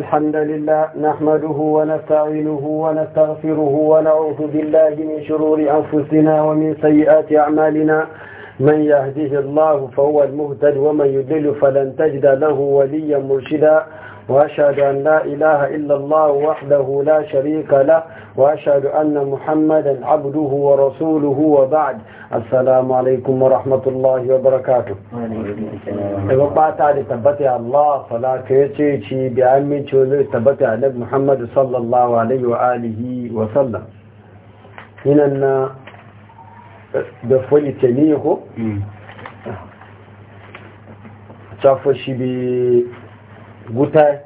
الحمد لله نحمده ونستعينه ونستغفره ونعوذ بالله من شرور أنفسنا ومن سيئات أعمالنا من يهده الله فهو المهتد ومن يضلل فلن تجد له وليا مرشدا وأشهد أن لا إله إلا الله وحده لا شريك له وأشهد أن محمدا عبده ورسوله وبعد السلام عليكم ورحمة الله وبركاته وبعد تعالى تبتع الله فلا كيتشي بعلم تبتع نبي محمد صلى الله عليه وآله وسلم هنا da foli teniyo ko? tafashi bi guta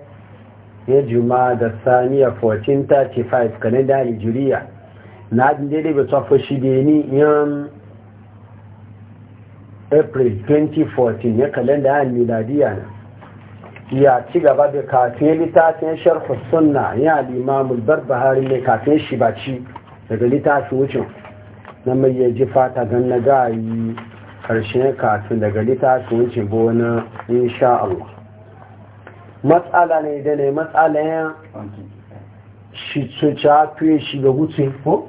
ya juma da saniya 1435 kanin da nigeria na adin daidai bai tsofa shi da ni yan april 2014 ya da yan miladiya na ya ci gaba da kafin littafin sharhu sunna ya limamul barbahari ne kafin shi baci daga littafin wucin na mai ya ji fata don na gayi karshen kafin daga littafin wucin bo na insha مساله ne da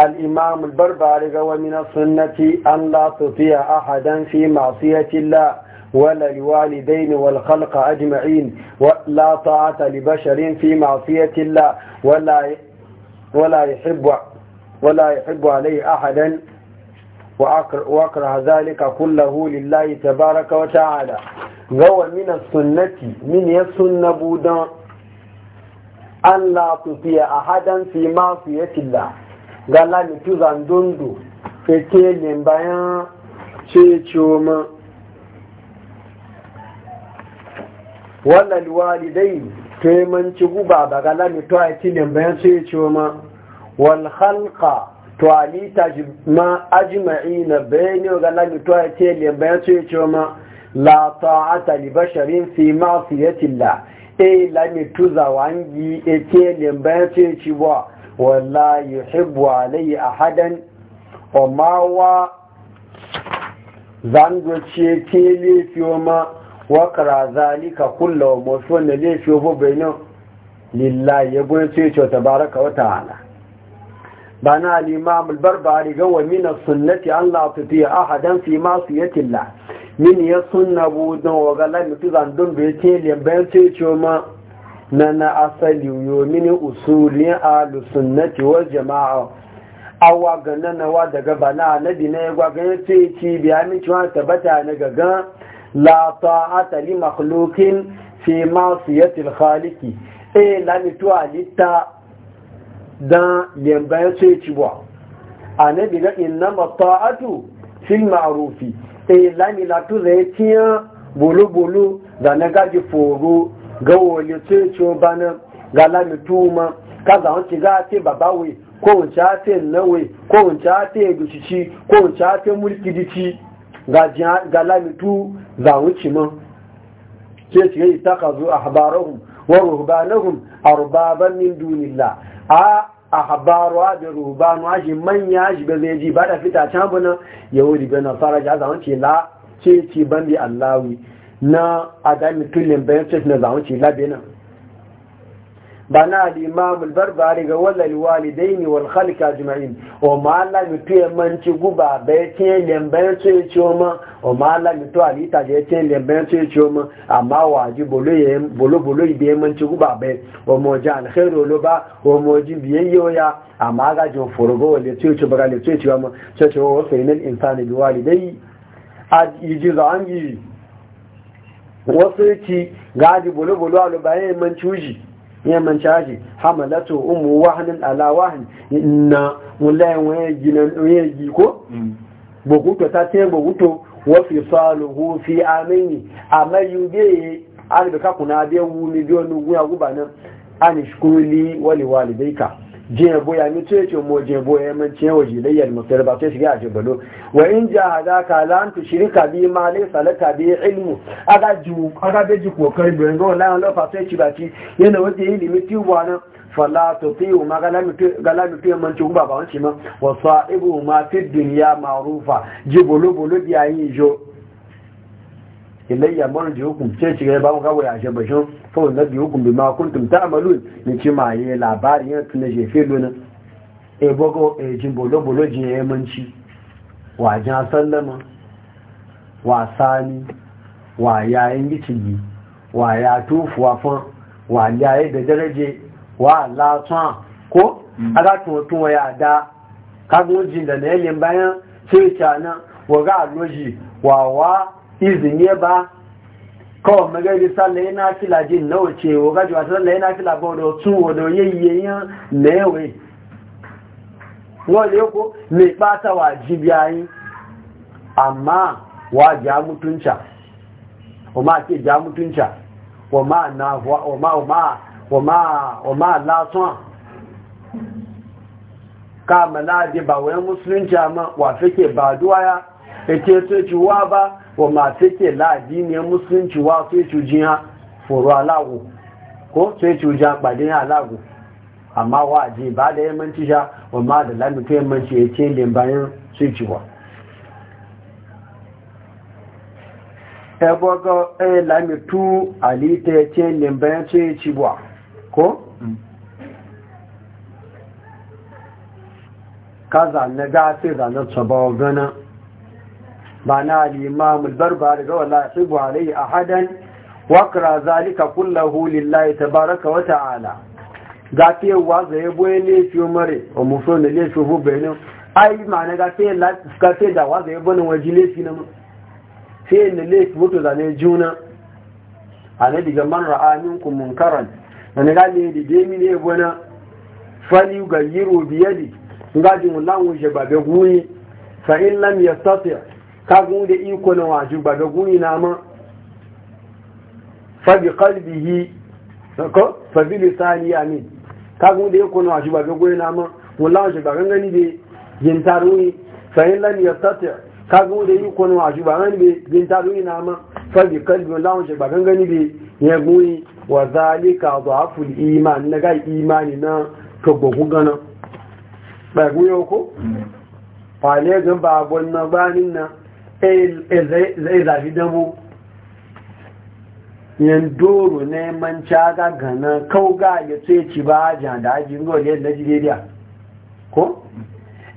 الإمام البربري قال ومن السنة أن لا تطيع أحدا في معصية الله ولا لوالدين والخلق أجمعين ولا طاعة لبشر في معصية الله ولا ولا يحب ولا يحب عليه أحدا واكره ذلك كله لله تبارك وتعالى غو من السنة من يسن بودا أن لا تطيع أحدا في معصية الله قال لي تزان دوندو فتيل بيان شيتشوما ولا الوالدين كيمن تشوبا قال لي توايتين بيان شيتشوما والخلق tuwali ta shi ma ajima'i na bayani ga lami tuwa ce liyan bayan su ya ce ma la ta'ata li basharin fi tilla. e lami tuza wangi e ce liyan bayan su ya ce wa wala yuhibbu a hadan o ma wa zango ce ke lefi ma wa kara zalika kullu mutun da lefi ba bayani lillahi ya ya ce ta baraka wa ta'ala بنا الإمام البربري هو من السنة أن لا تطيع أحدا في معصية الله من يسن وقال وغلا متزان دون بيتين لبين تيشوما نانا أصل يومين أصول أهل السنة والجماعة أو ganin nawa daga bana annabi ne ya gwagan ce ci biya min cewa tabbata na gaga la ta'ata li makhluqin fi dan yamba ya ce ci ba annabi ga inna mata'atu fil ma'rufi eh lami la tu zai tiya bolo bolo da na ji foro ga wole ce ci bana ga lami tuma on ti ga baba we ko wanci ti na we ko ti du ci ci ko on a ti mulki ci ga lami tu za ci man ce ci ga itakazu ahbarahum wa ruhbanahum arbaban min dunillah a habaruwa da rubanu shi manya shi ba zai ji ba da fita can bunan yahudi bai na fara ja zaun ce la ce ce ban bi allawi na adami tulin bayan ce na zaun ce la بنا الإمام البربري قول الوالدين والخلق أجمعين وما لا يتوى من تقوبا بيتين لنبين تيشوما وما لا يتوى ليتا جيتين لنبين تيشوما أما واجب بلو بلو يبين من تقوبا بيت وموجان خير ولوبا وموجين بيين يويا أما أجل فرغو لتيشو بغا لتيشوما تيشو وفين الإنسان الوالدين يجيز عنه wasu ci gaji bolo-bolo a lubayen mancuji yaman caji hamalatu umu wahanin ala wahan na mulayen waye ginan ko. giko mm. bokuto ta ce bokuto wa fi saluhu fi amini amma yuge albi kuna be wumi biyo nugu ya gubanan an shukuli wali walidaika jiya boya mi tuye ce mo jiya boya min ciye wa jilayyar musayar ba sai shiga a jibalo wa in ja hada ka lan tu shirka bi ma lai salaka bi ilmu aga ju aga be ji kokari bi ngo la lo fa sai ci ba ci yana wace yi limiti wa na fala to fi ma gala mi gala mi tuye man ci ba ba wanci ma wa sa'ibu ma fi dunya ma'rufa jibolo bolo bi ayi jo ilayya mon ji hukum ce ci ga ba mu ga wa ya fawon na biyu kun bi ma kuntum ta'malun ne ce ma ye labari ya tuna je fe lona e bogo e jin bolo bolo jin e manci wa jan sallama wa sani wa yayin gicigi wa ya tufu wa fan wa yayi da daraje wa latsan ko mm. aga tun tun wa ya da kagun jin da na ne bayan sai ta nan wa ga loji wa wa izini ba kawai magari sallah yana fila jin na wace wa gaji wata sallah yana fila ba da wasu wa da yayyayen na yawai wani yako mai bata wa jibiyayi amma wa ja mutunca wa ma ke wa ma na wa ma wa ma wa ma wa ma ka ba wani musulunci amma wa fake ba so wa ba wa masu ke ne musulunci wa sai cujin ha foro alago ko sai cujin kpadin ha alago amma wa aji ba da yammanci sha wa ma da lamita yammanci ya ce lin bayan sai ciwa ẹgbọ́gọ́ e ẹ e lamitu alita ya ce lin bayan mm. sai ciwa ko? kaza na gafi zanen tsoba gana ba na al da barbari ga wala yasibu alayhi ahadan wa qara zalika kullahu lillahi tabaraka wa ta'ala gafe wa zai boye ne fi umare o mu so ne le fi hu benin ai ma na gafe la gafe da wa zai bonin waji le fi na mu sai ne le fi mutu da ne juna annabi ga man ra'a ku munkaran ne ga le di mi ne bona fali ga yiro biyadi ngajin lawun je babe huyi fa in lam yastati' kagun da iko na waju ba ga guni na ma fa bi qalbihi ko fa bi lisani yamin kagun da iko na waju ba ga guni na ma wallahi shi ba gangani be yin taruni fa in lam ka kagun da iko na waju ba gangani be yin taruni na ma fa bi qalbi wallahi shi ba gangani be ya guni wa zalika dhaful iman na ga imani na to gogu gana ba guyo ko mm. fale gan ba gwanna banin nan zai zafi damu yin doro neman caga gana kauga ya tsaye ci ba jan da aji ngo ne na jiriya ko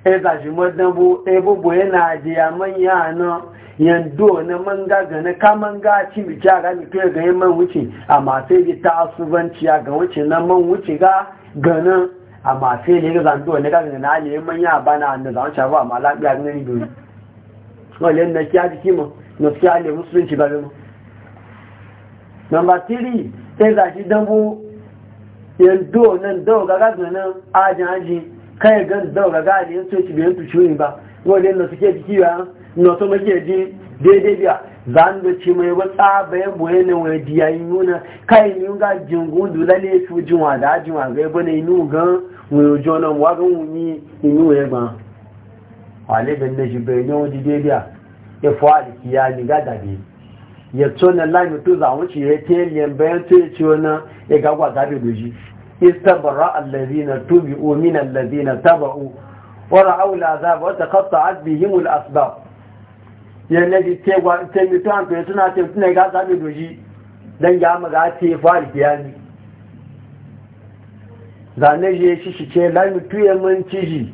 e za shi madambo e bubu yana da manya na yan do na manga gana ka manga ci mi caga mi to ga yin man wuce amma sai ji ta asubanci ga wuce na man wuce ga gana amma sai ne ga zan do ne ga gana ne manya bana da zan ci ba amma ne wọ́n lè kíá jí mọ̀ nà kí a lè mùsùlùmí ti bàbẹ̀ mọ̀. nọmba tírì tẹ́gbà sí dánwó náà dánwó gàgá gbọ̀nà ajá ajé káyẹ̀ gan dánwó gàgá àdé tó ti bẹ̀rẹ̀ tó ṣúrin ba wọ́n lè nà síkẹ́ kíkí da ce mai wata bayan boye na wani alibin na jibe ne wani bebiya ya fuwa ya liga dabe ya tsonan lami to za wuce ya teliyan bayan to ya ci wani ya gagwa dabe doji istabara allazina tubi'u min allazina taba'u wa ra'aw al'azab wa taqatta'at bihim al'asbab ya nabi tewa temi to an to suna te suna ga dabe doji dan ya maga te fuwa ya ni zane je shi shi ce lami tuye mun ciji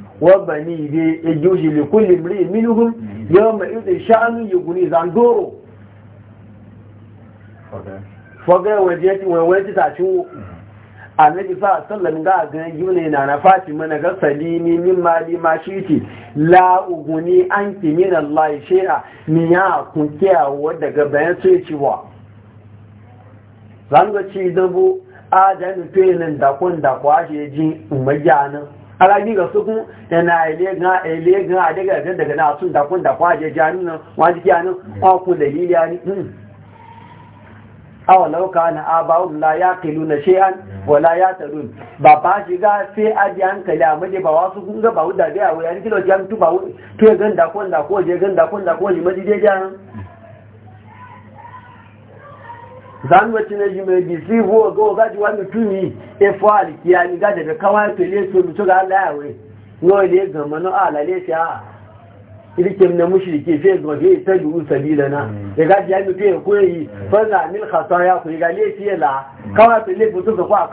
wabani ne ya joji le kulle mri minuhun ya ma izin sha'anun ya guni zangoro fagai wajeti wajeti ta ciwo a na isa a tsallan ga a ganin yuni na na fatima na ga salini min ma li ma shi ce la uguni an ki min allahi shi'a ni ya kunke a wadda ga bayan sai ciwa zanga ci dabu a jami'in da kun da kwashe ji umarjanin alagi ga sukun yana ele ga adiga daga na sun dakun da kwaje jani nan waji jani kwaku dalili yani hmm. awa lauka na abawun la ya kilu na an wala ya tarun ba ba shi ga sai aji hankali a maje ba wasu kunga ba wuda da yawo yani kilo jami tu ba tu ya ganda kun da ko je ganda kun da ko je maje dai jani zanwacin na ji mai bisi huwa ga oga ji wani tuni e efo ga daga kawai tole to ga Allah yawe no ile ga mano ala le ta ilikin na mushrike mm. fe ga fe ta ju sabila na ya ga ji mi fe ko e yi mm. fa na mil khataya ko e ga le la mm. kawai tole mutu ga kwa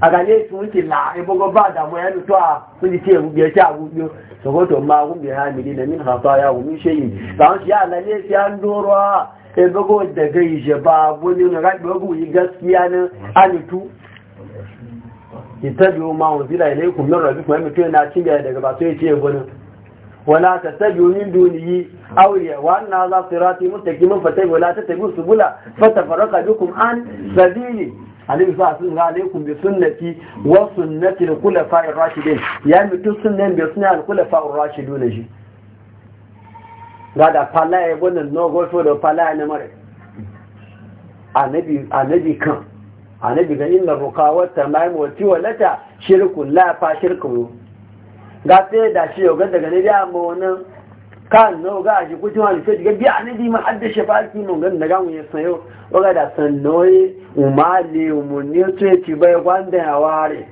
a ga le tun ti la e bogo ba da mo ya lu to a ko ti e ma bi ha mi ni e bago daga ije ba wani na raɗi bago yi gaskiya na alitu ita biyu ma wanzu da ilai kuma rabi kuma mutum yana cin gaya daga basu ya ce wani wala ta tabi min duniyi auriya wa na za su rati sirati mustaqimin fatai wala ta tabi su fata faraka bikum an sabili alayhi sa sun ga alaikum bi sunnati wa sunnati al-khulafa ar-rashidin ya mutu sunnan bi sunnati al-khulafa ar-rashidun shi gada falaye wannan nogoto da falaye na mara anabi kan anabi ga inna rukawar wa wacce walata shirkun lafa shirkun ga sai da shi yau ga daga na biya ma wannan kan no ga shi kuci wani sai ga biya anabi ma hadda shafaki mun ga daga e, mun e e ya sayo waga da sannoye umale umunni to ya ci bai gwanda ya ware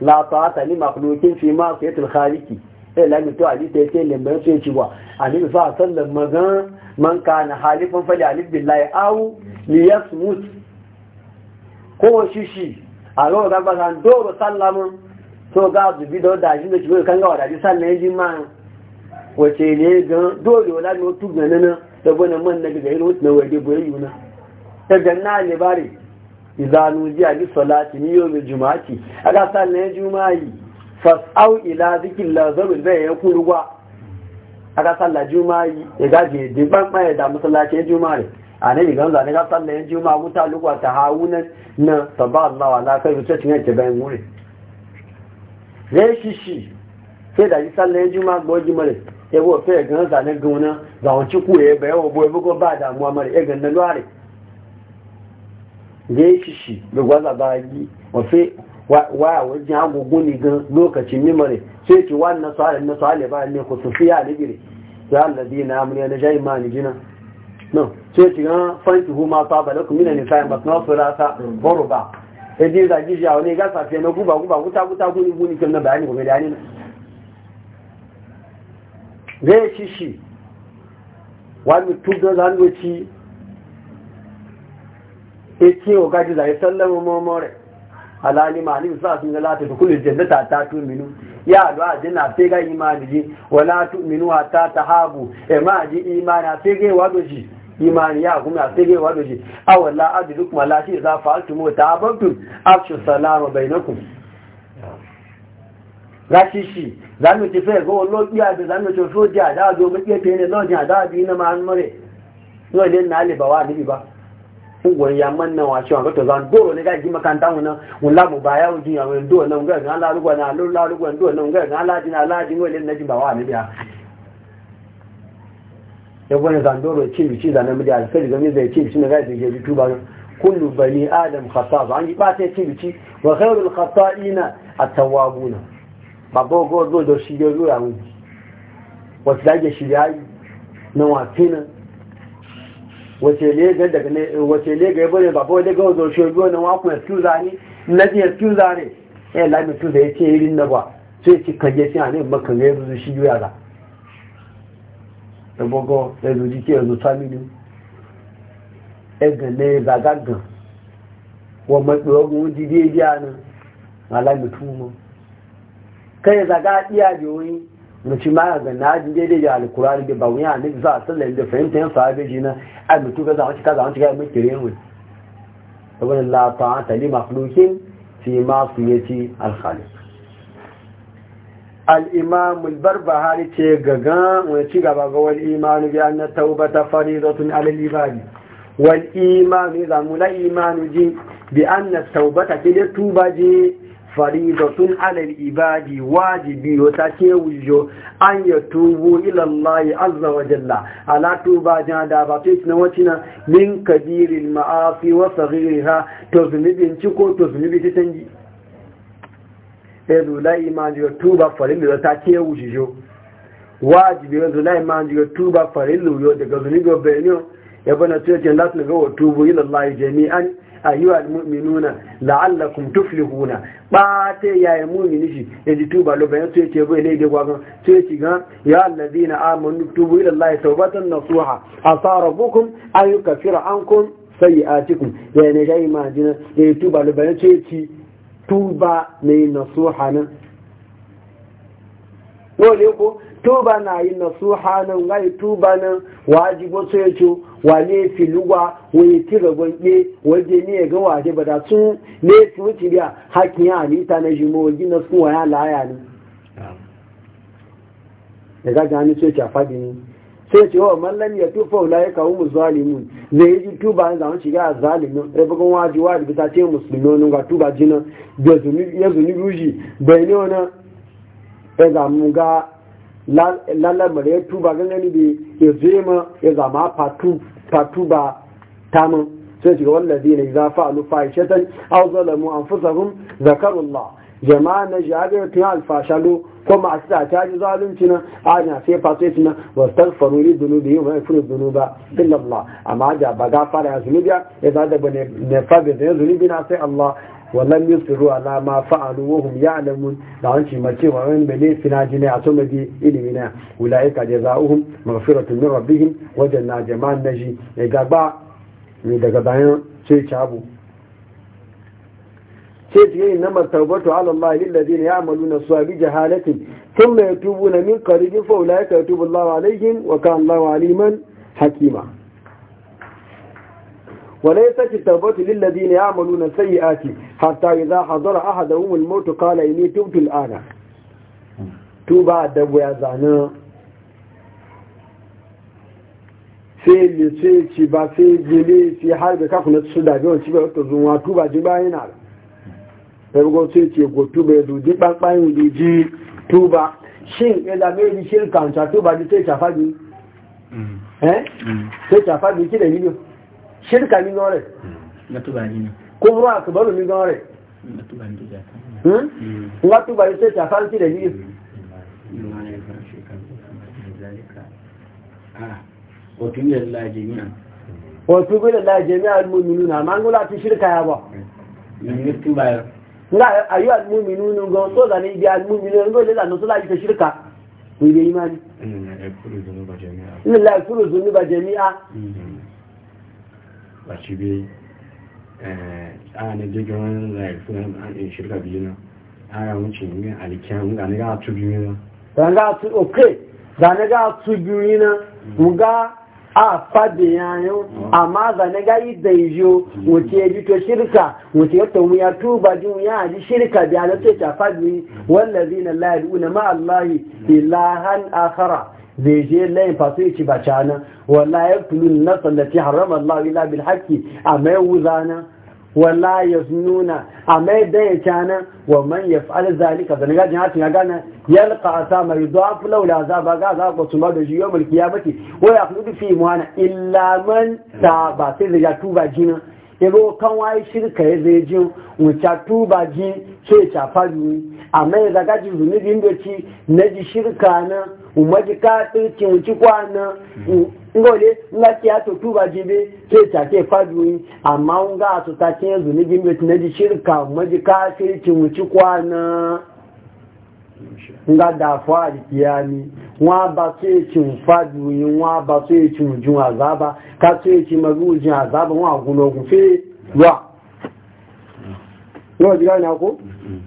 la ta ta ni makhluqin fi ma sayatul khaliqi sai eh, lami to hadisi sai lambar sai ci wa annabi sa sallan magan man kana halifan fali alif billahi aw li yasmut ko shishi a ro ga ba san do sallamu to ga zubi da da shi da shi kan ga wadaji sallan ji ma wace ne gan dole wala no tu ganan da bana man na ga irin na wade boye yuna ta ganna libari idanu ji ali salati ni yau juma'ati aga sallan juma'i fas'au ila zikin lazarus bai ya kurugwa a ga sallah juma'i ya gaje diban mai da masallacin juma'i a nan igan zane ga sallah ya juma'a wuta lugwa ta hawunan na sabba Allah wa lafiya wuce cin yanke bayan wuri zai shi shi sai da ji sallah ya juma'a gbogi mare ya bo fe gan zane wuna, za won ci kuye bai wa boye bugo ba damuwa mare ya gan na lware zai shi shi lugwa za ba yi wa wajen agogo ne ga lokacin mimare sai ce wannan sa'alin na sa'alin ba ne ku su fiya da gire ya allazi na amuriya na shayi ma ni jina no sai ce ga fanki hu ma saba da kuma ne sai ba na sura ta boruba e ji da ji jawo ne ga safiya na guba guba guta guta guni guni kin na bayani gobe da ni zai ci shi wani tuga zangoci e ce o gaji da ya sallama mamore alali malin sa sun ga lati dukul jannata ta tuminu ya duwa ajina sai ga imani ji wala tuminu hatta tahabu e ma ji imani sai ga wado ji imani ya kuma sai ga wado ji awalla adukum la shi za fa'altum ta'abantum afshu salama bainakum láti ṣì lánà ti fẹ́ ẹ̀gọ́ olóògbé àbẹ̀ lánà tó sójà àdáàbí omi pé pé ní lọ́jà àdáàbí iná máa ń mọ́rẹ̀ náà lè nà á lè bà wá níbi bá ugwon ya manna wa cewa ga to zan ne ga ji makanta mu na mun la mu baya wujin ya mun do nan ga ga la rugwa na lu la rugwa do nan ga ga la jina la jin wele na ji ba wa ne ya zan doro ce mi ci zanen mudi alkhairi game da ce ci na ga ji ji tuba kullu adam khata an yi ba sai ce mi ci wa khairul khata'ina at-tawwabuna babo go do do shi ga ruwa mu wata da shi ya yi na wace lega ne ya bane baba daga wazo shogo biyu wa kuma excuse na ji excuse ne eh la mi tu da yace irin na ba sai ki kaje sai ani maka ne zuzu shi yoya da ebogo ke ga ne wa jide nan kai zaga iya biyoyi na ci ma ga na ji dai dai al qur'ani ba ya ne za ta da fahimta yan sahabe ji na ai mutu ga za ka ka za ka mu kire mu saboda la ta'ata li makhluqin fi ma fiyati al khaliq al imam al barbahari ce gaga mu ci gaba ga wal iman bi anna tawbata faridatun ala al ibad wal iman za mu la iman ji bi anna tawbata ke tuba ji faridatun alal ibadi wajibi wata ce wujo an ya tubu ilallahi azza wa jalla ala tuba jan da ba ce na wacina min kabirin ma'afi wa saghiriha to zunubin ci to zunubi ta canji ezu la imani ya tuba farilu wata ce wujo wajibi ezu la imani ya tuba farilu yo daga zunubi bayanin ya bana ce ce lati ga wa tubu ilallahi jami'an ayyuhal mu'minuna la'allakum tuflihuna ba ta yayi mu'mini shi ya ji tuba lo bayan to yace bai laide gwagan to yace ga ya allazina amanu tubu ila allahi tawbatan nasuha asa rabbukum an ankum sayi'atikum ya ne dai ma jina ya tuba lo bayan to yace tuba ne nasuha nan wole ko tuba na yi nasuha nan ngai tuba nan wajibo so ya ce wane filuwa wani tira gwanke waje ne ya ga waje ba da sun ne wuce biya hakin ya halitta na jimo waje na sun waya laya ne ga gani a fadi ne sai ce wa oh, ya tufa wula ya kawo zalimin zai yi tuba ne zama shiga a zalimin ya bugun wa rubuta ce musulmi ga tuba ya bai ne wani ya zamu ga la lalamare ya tuba ni bi ya zema ya zama fatu ba tamun sai ji wallazi ne za fa alu aw zalamu anfusahum zakarullah jama'a na jaga al fashalu ko ma asita ta ji zalunci na a na sai fa sai tuna wastaghfiru li dunubi wa yakunu dunuba illa Allah amma ja ba gafara ya zunubiya ya zada bane ne fa bi zunubi na sai Allah wallan yusiru ala ma fa'alu wa hum ya'lamun da an cima cewa wani bane fina jini a to mabi ilimi na ulaika jazaohum maghfiratun min rabbihim wa janna jama'an naji ne gaba ne daga bayan sai chabu sai ji yin namar taubatu ala Allah lil ladina ya'maluna su'a bi jahalatin thumma yatubuna min qaribin fa ulaika yatubu Allahu alaihim wa kana Allahu hakima وليس التوبه للذين يعملون السيئات حتى اذا حضر احدهم الموت قال اني تبت الان توبة دبو يزعنا sai lice ci ba sai gile sai har da kafin na su dabi wani cibiyar ta zuwa tuba ji bayan na da rugo sai ce go tuba ya duji ɓanɓayin duji tuba shin ila mai di shirka wancan tuba ji sai shafa bi eh sai shafa bi yi shirka ni gore kubura akubaru ni gore ngatu ba yuse ta farki da ni wato hmm, hmm? hmm. bi ah, la jami'a wato na, mangula ti shirka ya ba ni ba nga ayu almu'minuna go so da ni bi almu'minuna go da no so la ji shirka ni imani zunuba jami'a wachibi eh, ana jigon like film an in shirka biyu na, ana wuce yi alikiyan ga ni ga tu biyu na ga tu ok ga ni tu biyu na mm. ga a fadi yayin mm. amma zane ga yi da iyo, wuce mm. ya to shirka wuce ya tomu ya tuba ji ya ji shirka biya na ce ta fadi wallazi na la na ma'allahi allahi ilahan akhara zai je layin fasu ya ci ba cana wala ya tulun na tsallafi haram Allah ila bil haƙƙi a mai wuzana wala ya nuna a mai daya cana wa man ya fa'al zalika da naga hatin ya gana yalqa asama yudafu law la azaba ga za ko tuma da jiyo mulki ya bace wa a khludu fi muhana illa man ba sai da tuba jina yabo kan waye shirka ya zai jin wuce tuba ji sai ta faru amma ya zaga ji zunubi ci na ji shirka na ka kafin cinci kwana ngole nga ti ato tuba jibe ke ta ke fadwi amma nga ato ta ke ni jimbe tine di shirka umarci kafin cinci kwana nga da fa di kiyami wa ba so cin fadwi wa ba so cin jun azaba ka so cin magujin azaba wa gunogun fe wa yau jira na ko mm-hmm.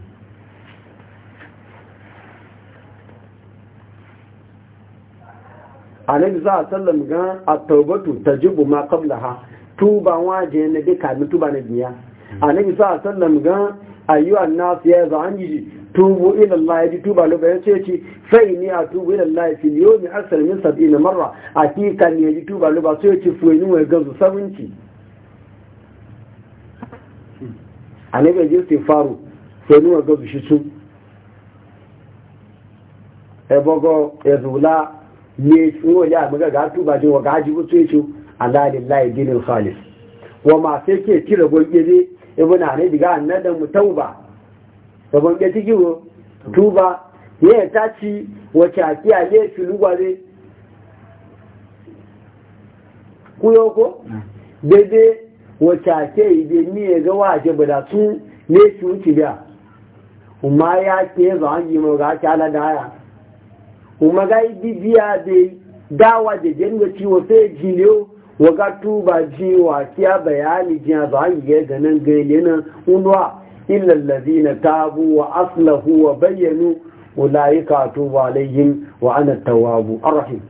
annabi za a sallam ga at-taubatu tajibu ma qablaha tuba waje ne de kamin tuba na duniya annabi za a sallam ga ayyuhan nas ya za an yi tubu ila Allah ji tuba lo bayan ce ce fa inni atubu ila Allah fil yawmi akthar min 70 marra akika ne ji tuba lo ba sai ce fuwani wa gazu 70 annabi ji istighfaru fuwani wa gazu shi su ebogo ezula ne tsoro ya buga ga tuba ce wa gaji wasu ya ce alalillahi dinin khalis wa ma sai ke kira gwangere ibn ali diga annadan mutauba da gwangere tiki wo tuba ya yi ta ci wace akiya ne fi lugware kuyo ko daidai wace ake ide ni ya ga waje bada su ne su wuce biya kuma ya ke zo an yi mawa ga ake ala da haya kuma ga bibiya da dawa da jenga ciwo sai jiliyo waga tuba jiwa kiya bayani jiya za a yi ganin gaile nan unuwa illallazi na tabu wa aslahu wa bayyanu ka tuba alaihim wa ana tawabu arrahim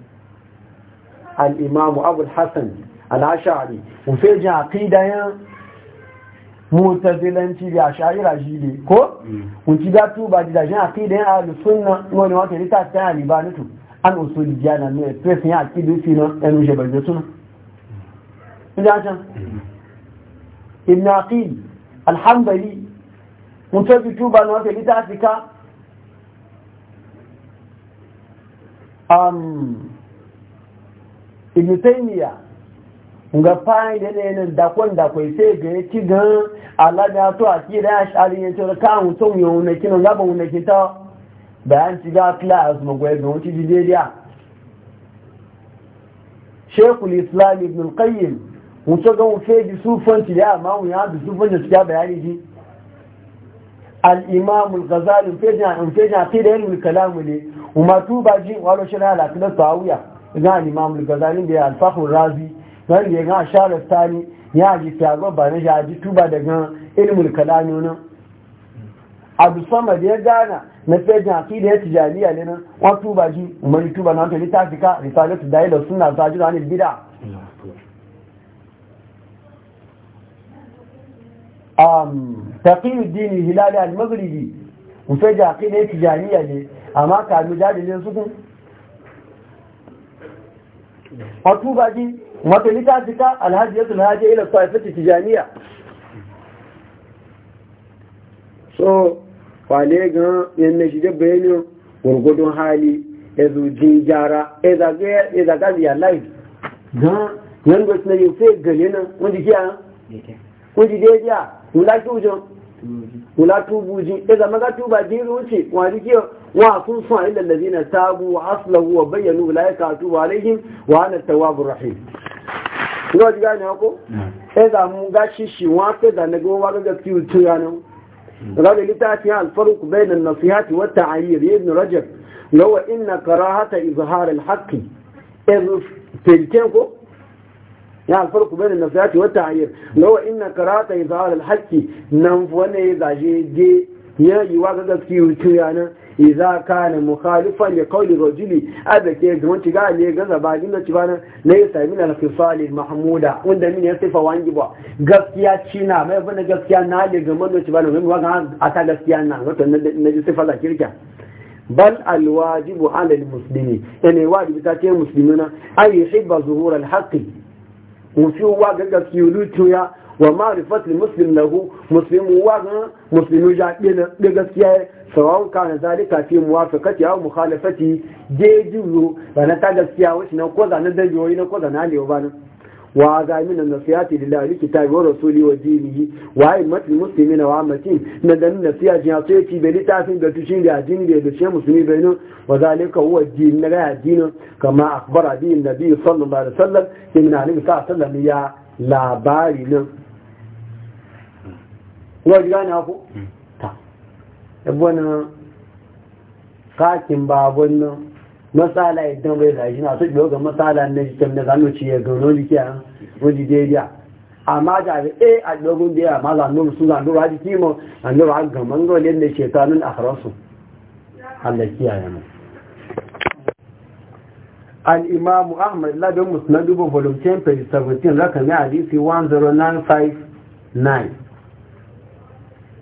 al-imamu abul hassan al-ash'ari jin fi yan mutazilanci da sha'ira shi ne ko kunci mm. da tuba da dashin aqida ya ahlus sunna wani wata rita ta alibanatu an usuli jana ne pesa ya aqidu fi no enu je baje sunna idan can mm. ibn aqil alhamdali mutazi tuba na wata rita fika ibn taymiya ga fayin da ne nan dakon da kwai sai ga ya ci gan Allah ya to a ci da shari ne to ka mu to mu ne kin ga ba mu ne kin ta bayan ci ga class mu ga ga wuci ji jideriya Sheikhul Islam Ibn Qayyim mu to ga mu fe bi fanti ya ma mu ya bi su fanti su ya bayani ji Al-Imam Al-Ghazali fe ja an fe ja fi da ilmul kalam ne umatu ba ji walo shara la kila tawiya ga al Imam Al-Ghazali da Al-Fakhr Razi wani ya gan sharar tani ya ji fiyago ba na ya ji tuba daga ilimin kalami nan abu sama da ya gana na fejin da ya tijaliya ne nan wani tuba ji umarni tuba na wani ta fika risalatu da ila suna zaji da wani bida taqiyu dini hilali al-maghribi mufeja da ya jami'a ne amma ka mu su ku a tuba ji wata litafika suna haji ila fiti tijaniya so kwale gan yan na shige bayani gurgudun hali ezu jinjara ezaga ya live gan yan gwasu na yi sai gale nan jiya kiya wani dai ya wula tujon wula tubuji zama ga tuba din ruce wani jiya wa sun sun a ilal ladina tabu wa aslahu wa bayyanu la yakatu alaihim wa ana tawwabur rahim Hmm. ní ji gane ko sai za mu gashi shi wa ka da na a ga gaskiya tura nan rabi littafin alfarku bai da nasihati wata ayyar ibn rajab lawa inna karahata izhar alhaqi iz tilken ko ya alfarku bai da nasihati wata ayyar nan zaje ya yi wa ga gaskiya iza kana mukhalifan li qawli rajuli azake ga wanci ga ne ga zabagin da ci na ne ya sami na fali mahmuda wanda min ya sifa wangi ba gaskiya cina mai bana gaskiya na le ga manno ci bana mun wa a ta gaskiya na wato na ji sifa da kirkiya bal alwajibu ala almuslimi yani wajibi ta ce muslimina ay yuhibba zuhur alhaqi wufi wa ga gaskiya lutuya wa ma'rifatul muslim lahu muslimu wa muslimu ja dina gaskiya sawawun kana zalika fi muwafaqati aw mukhalafati je jiro ba na ta siya wasu na ko na da yoyi na alewa zana lewa ba nan wa ga min nasiyati lillahi li kitabi wa rasuli wa dinihi wa aymat muslimina wa amatin na dan nasiya jiya so yaci da litafin da tushin da addini da da shehu musulmi bai nan wa zalika huwa din na ga addinin kama akbara bi nabi sallallahu alaihi wasallam min alim sa sallam ya labari nan wa na ku hmm. ebwana kakin babon nan matsala idan bai zai shi na su biyo ga matsala na jikin na zanu ci ya gano jiki a wani daidai amma da bi eh, a a dogon da za zanu su zanu raji kimo zanu ra ga mango ne da shetanun akhrasu Allah kiyaye mu al-imam ahmad labin musnad bu volume 10 page 17 rakan hadisi 10959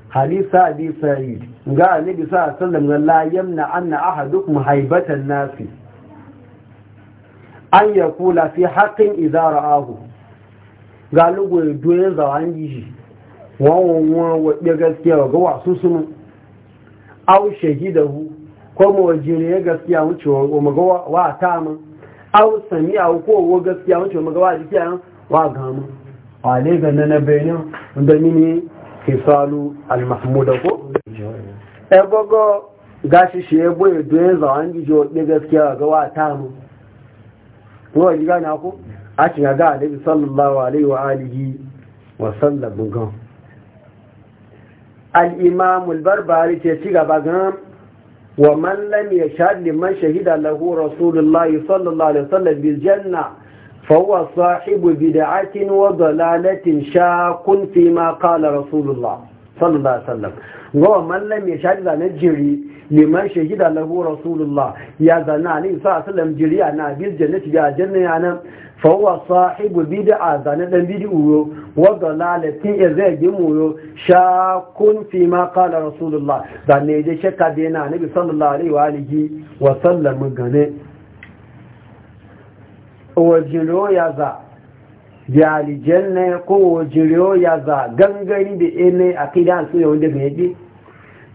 hadisa abi sa'id ga annabi sallallahu alaihi wasallam la yamna anna ahadukum haibatan nasi an yakula fi haqqin idza ra'ahu ga lugo doyen yi shi. wawon wa da gaskiya ga wasu sunu au shahidahu ko mu wajire gaskiya wucewa mu ga wa ta mun au sami'a ko wa gaskiya wucewa mu ga wa jikiya wa ga mu ne ga na bayanin da mini kisalu al-mahmuda ko e gogo gashi shi ebo edo ya zawon gijo ɗaya gaskiya ga wa ta mu ruwa ji na ko a ci ga bi sallallahu alaihi wa alihi wa sallam gan al-imam al-barbari ce ci gaba gan wa man lam yashhad liman shahida lahu rasulullahi sallallahu alaihi wasallam bil janna فهو صاحب بدعة وضلالة شاك فيما قال رسول الله صلى الله عليه وسلم ومن لم يشهد نجري liman shahida lahu rasulullah ya zana alayhi sallam jiri ana bil a bi aljanna yana fa huwa sahibu bid'a zana dan bid'u wa ya zai muyo shakun fi ma qala rasulullah zane je shakka dena nabi sallallahu alaihi wa alihi wa sallam gane wajiro yaza, za yalijen ne ko wajiro ya za gangari da ene a kai da hansu yawon da ga yaji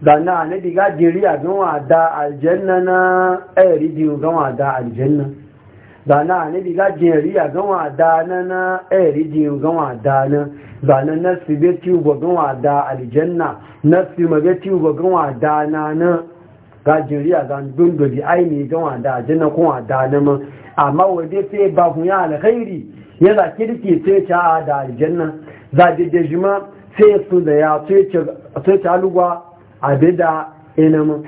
da na na diga jiri a ganwa da aljanna na ayari jiru ganwa da aljanna da na na diga jiri a ganwa da na na ayari jiru ganwa da na da na na sibe tiwo ganwa da aljanna na sibe tiwo ganwa da na na ga jiriya a dundun da ai mai gawa da jina kuma da nama amma wadda sai ba kun ya alkhairi ya za kirki sai ta da aljanna za da dajima sai su da ya sai ta lugwa a bida inama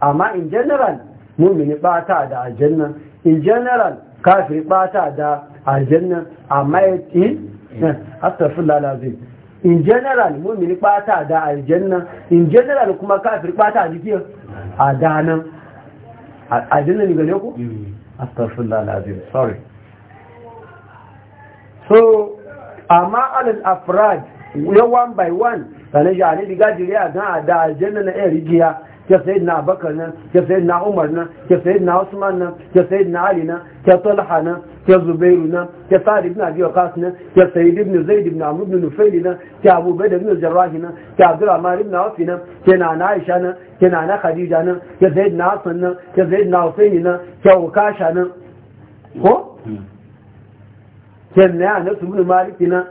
amma in general mumini ta da aljanna in general kafir ta da aljanna amma in eh, astaghfirullah lalazi in general mumini ta da aljanna in general kuma kafir ta da a danan a jinnan ne gane ku? Mm. astaghfirullah alazim sorry so amma alal afrad ya one by one sanin ya ne diga jiri a gan a da aljanna na iya rigiya ke sai na bakar nan ke sai na umar nan ke sai na usman nan ke sai na ali nan ke talha nan ya zubairu na ya sa'ad ibn abi waqas na ya sayyid ibn zaid ibn amr ibn nufail na ya abu bakr ibn jarrah na ya abdurrahman ibn auf na ya nana aisha na ya nana khadija na ya zaid na hasan na ya zaid na husaini na ya ukasha na ko ya na na ibn malik na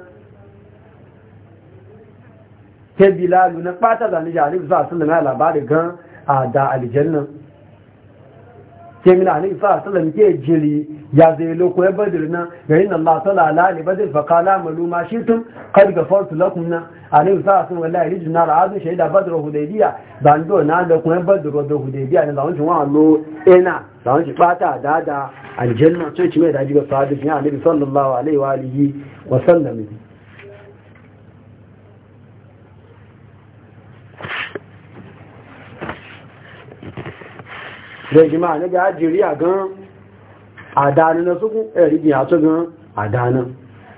ya bilal na fata da ni jarib za su na labarin gan a da aljanna ke mina ne isa sallam ke jiri ya zai loko ya badir na ga yin Allah sala ala ne badir fa kala malu ma shi tun kad ga fartu lakum na ne isa sun wallahi riji na ra'adu shaida badir hudaybiya dan do na da kuma badir da hudaybiya ne zawon shi wa allo ina zawon shi bata da da aljanna sai ci mai daji ga sahabi rejima ne ga jiriya gan adana su, suku erigi su gan adana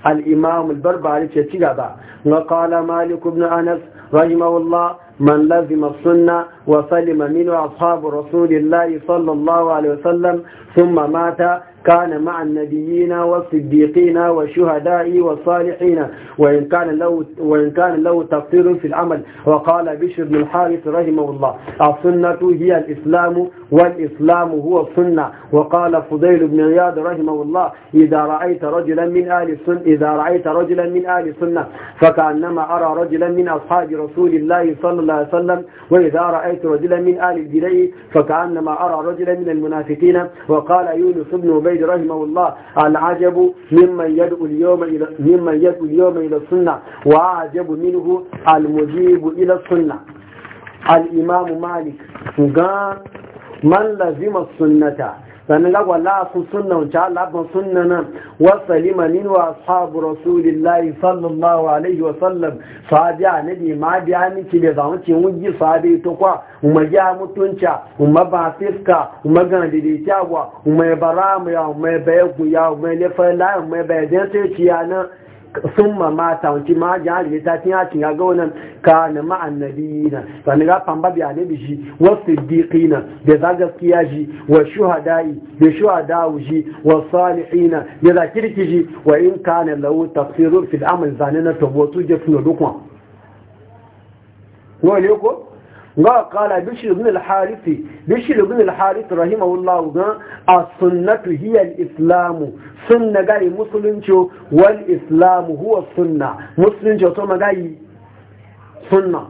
al-imam al-barbari ce ci gaba wa qala malik ibn anas rahimahullah من لزم السنة وسلم منه أصحاب رسول الله صلى الله عليه وسلم ثم مات كان مع النبيين والصديقين والشهداء والصالحين وإن كان له, وإن كان له تقصير في العمل وقال بشر بن الحارث رحمه الله السنة هي الإسلام والإسلام هو السنة وقال فضيل بن عياد رحمه الله إذا رأيت رجلا من آل السنة إذا رأيت رجلا من آل السنة فكأنما أرى رجلا من أصحاب رسول الله صلى الله عليه وسلم وإذا رأيت رجلا من آل البدع فكأنما أرى رجلا من المنافقين وقال يونس بن عبيد رحمه الله العجب ممن يدعو اليوم إلى ممن يدعو اليوم إلى السنة وأعجب منه المجيب إلى السنة الإمام مالك قال من لزم السنة sannan ga wala su sunna wuce Allah sunna nan wa salima min wa ashabu rasulillahi sallallahu alaihi wa sallam sahabi annabi ma bi aminci da zamu ce mun ji sahabi to kwa umma ya mutunca umma ba fiska umma ga dide tawa umma barama ya umma bayu ya umma lefa la umma bayu sai ciya nan summa mata wanci ma jihari ta tin yakin ya ga wannan ka na ma'an na sani ga famba bi annabi shi wa na da za gaskiya shi wa shuhada'i da shuhada'u shi wa salihina da za kirki shi wa in kana lahu tafsirun fil amal zane na tabbatu je dukwa ko Nga kala bishir ibn al harithi bishir ibn al harithi rahimahullahu ga as-sunnatu hiya al-islam sunna ga musulunci wal islam huwa sunna musulunci to magayi sunna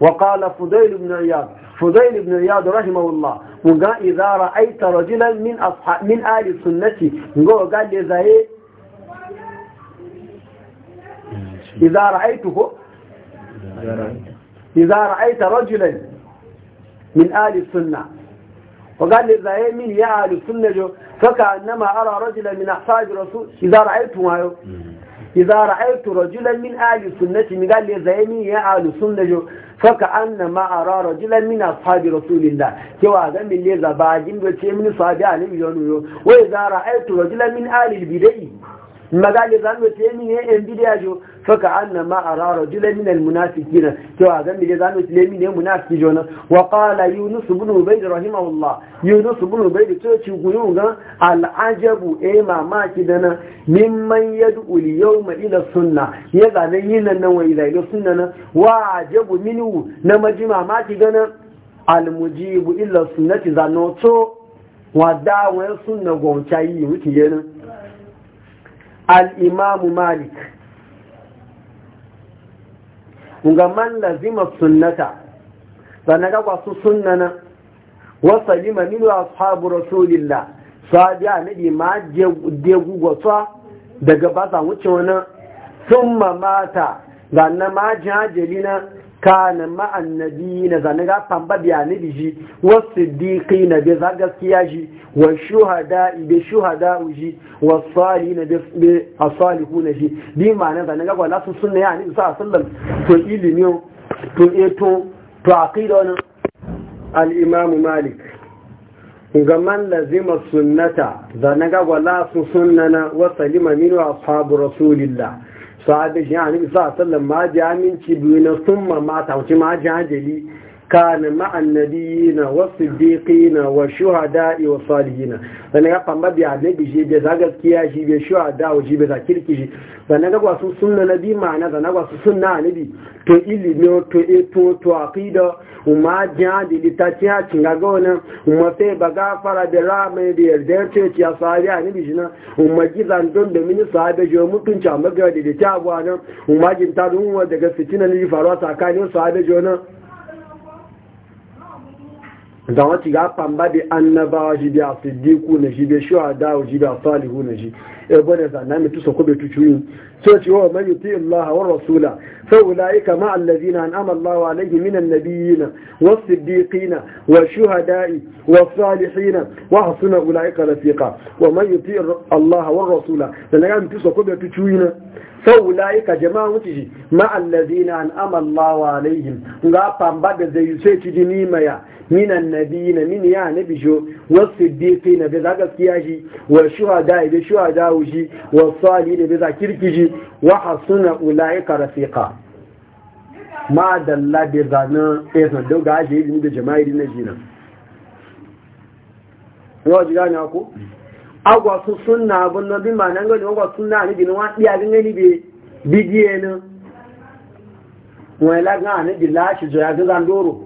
wa qala fudail ibn iyad fudail ibn iyad rahimahullah ga idza ra'aita rajulan min ashab min ahli sunnati ga gane da zai idza ra'aituhu إذا رأيت رجلا من آل السنة وقال لي زي من يا آل السنة جو فكأنما أرى رجلا من أصحاب رسول إذا رأيته إذا رأيت رجلا من آل السنة من قال لي زي من يا آل السنة جو فكأنما أرى رجلا من أصحاب رسول الله كوا هذا من لي زباجين وشي من صحابي عليهم يونيو وإذا رأيت رجلا من آل البدع ما قال لي زي من يا آل البدع جو faka anna ma ara rajulan min al munafiqina to a zambi da tile min ne munafiki jona wa qala yunus ibn ubayd rahimahullah yunus ibn ubayd to ci guyun ga al ajabu e mamaki dana mimman yad'u al yawma ila sunna ya zane yin nan wa ila sunna na wa ajabu minhu na majima mamaki dana al mujibu ila sunnati zanoto wa dawon sunna goncayi wuce yana al imamu malik ga man lazima sunnata sannan ga kwasu sunnana wasa lima minu ashabu rasulillah sahabi annabi ma je gugwasa daga ba sa wuce wani Sun mata ga na ma jajali na kana ma'an nabi na zane ga famba biya ni biji wasu diki na bi za gaskiya shi wa shuhada ibe shuhada uji wa sali na bi asalihu na shi bi na zane ga gwala sun sunna ya ni sa sallam to ilimi to eto to kai da wani al'imamu malik gaman lazima sunnata zane ga gwala sun sunna na wasu salima minu sabu rasulillah sahabi shi a sa sallan ma ji aminci biyu na sun mamata mata wuce ma ji hajjali كان مع النبيين والصديقين wa والصالحين sannan ya fama biya annabi shi bai za gaskiya shi bai shuhada wa shi bai za kirki shi sannan ga wasu sunna nabi ma'ana sannan ga wasu sunna annabi to ilimi to eto to aqida umma jadi litati ha cinga gona umma sai ba gafara da rama da yarda ce ci ya sahabi annabi shi na umma gizan don da mini sahabi jo mutunci amma ga da ta abuwa nan umma jin ta dun wa daga fitina ne faruwa tsakanin sahabi jo na. da wata ga famba da annabawa shi da siddiku na shi da shuhada shi da salihu na shi ya e bane zanna mutu tusa kobe tucu so ce wa man yuti Allah wa rasula fa ulaika ma allazina an'ama Allah alaihim min an-nabiyyin was-siddiqin na, shuhadai was-salihin wa hasuna ulaika rafiqa wa man yuti Allah wa rasula zanna mutu tusa kobe tucu na. fa ulaika jama'a mutu shi ma allazina an'ama Allah alaihim ga famba da zai sai ci ni maya minan nabiyina min ya nabi jo was siddiqina bi gaskiya shi wa shuhada bi shuhada shi wa salihin bi zakirki shi wa hasuna ulaika rafiqa ma dalla bi zana esa doga je ni da na jina yau ji gane ku agwa su sunna abun nabi ma nan gani agwa sunna ni gina wa diya gani bi na wani lagan anabi lashi zo ya ga zandoro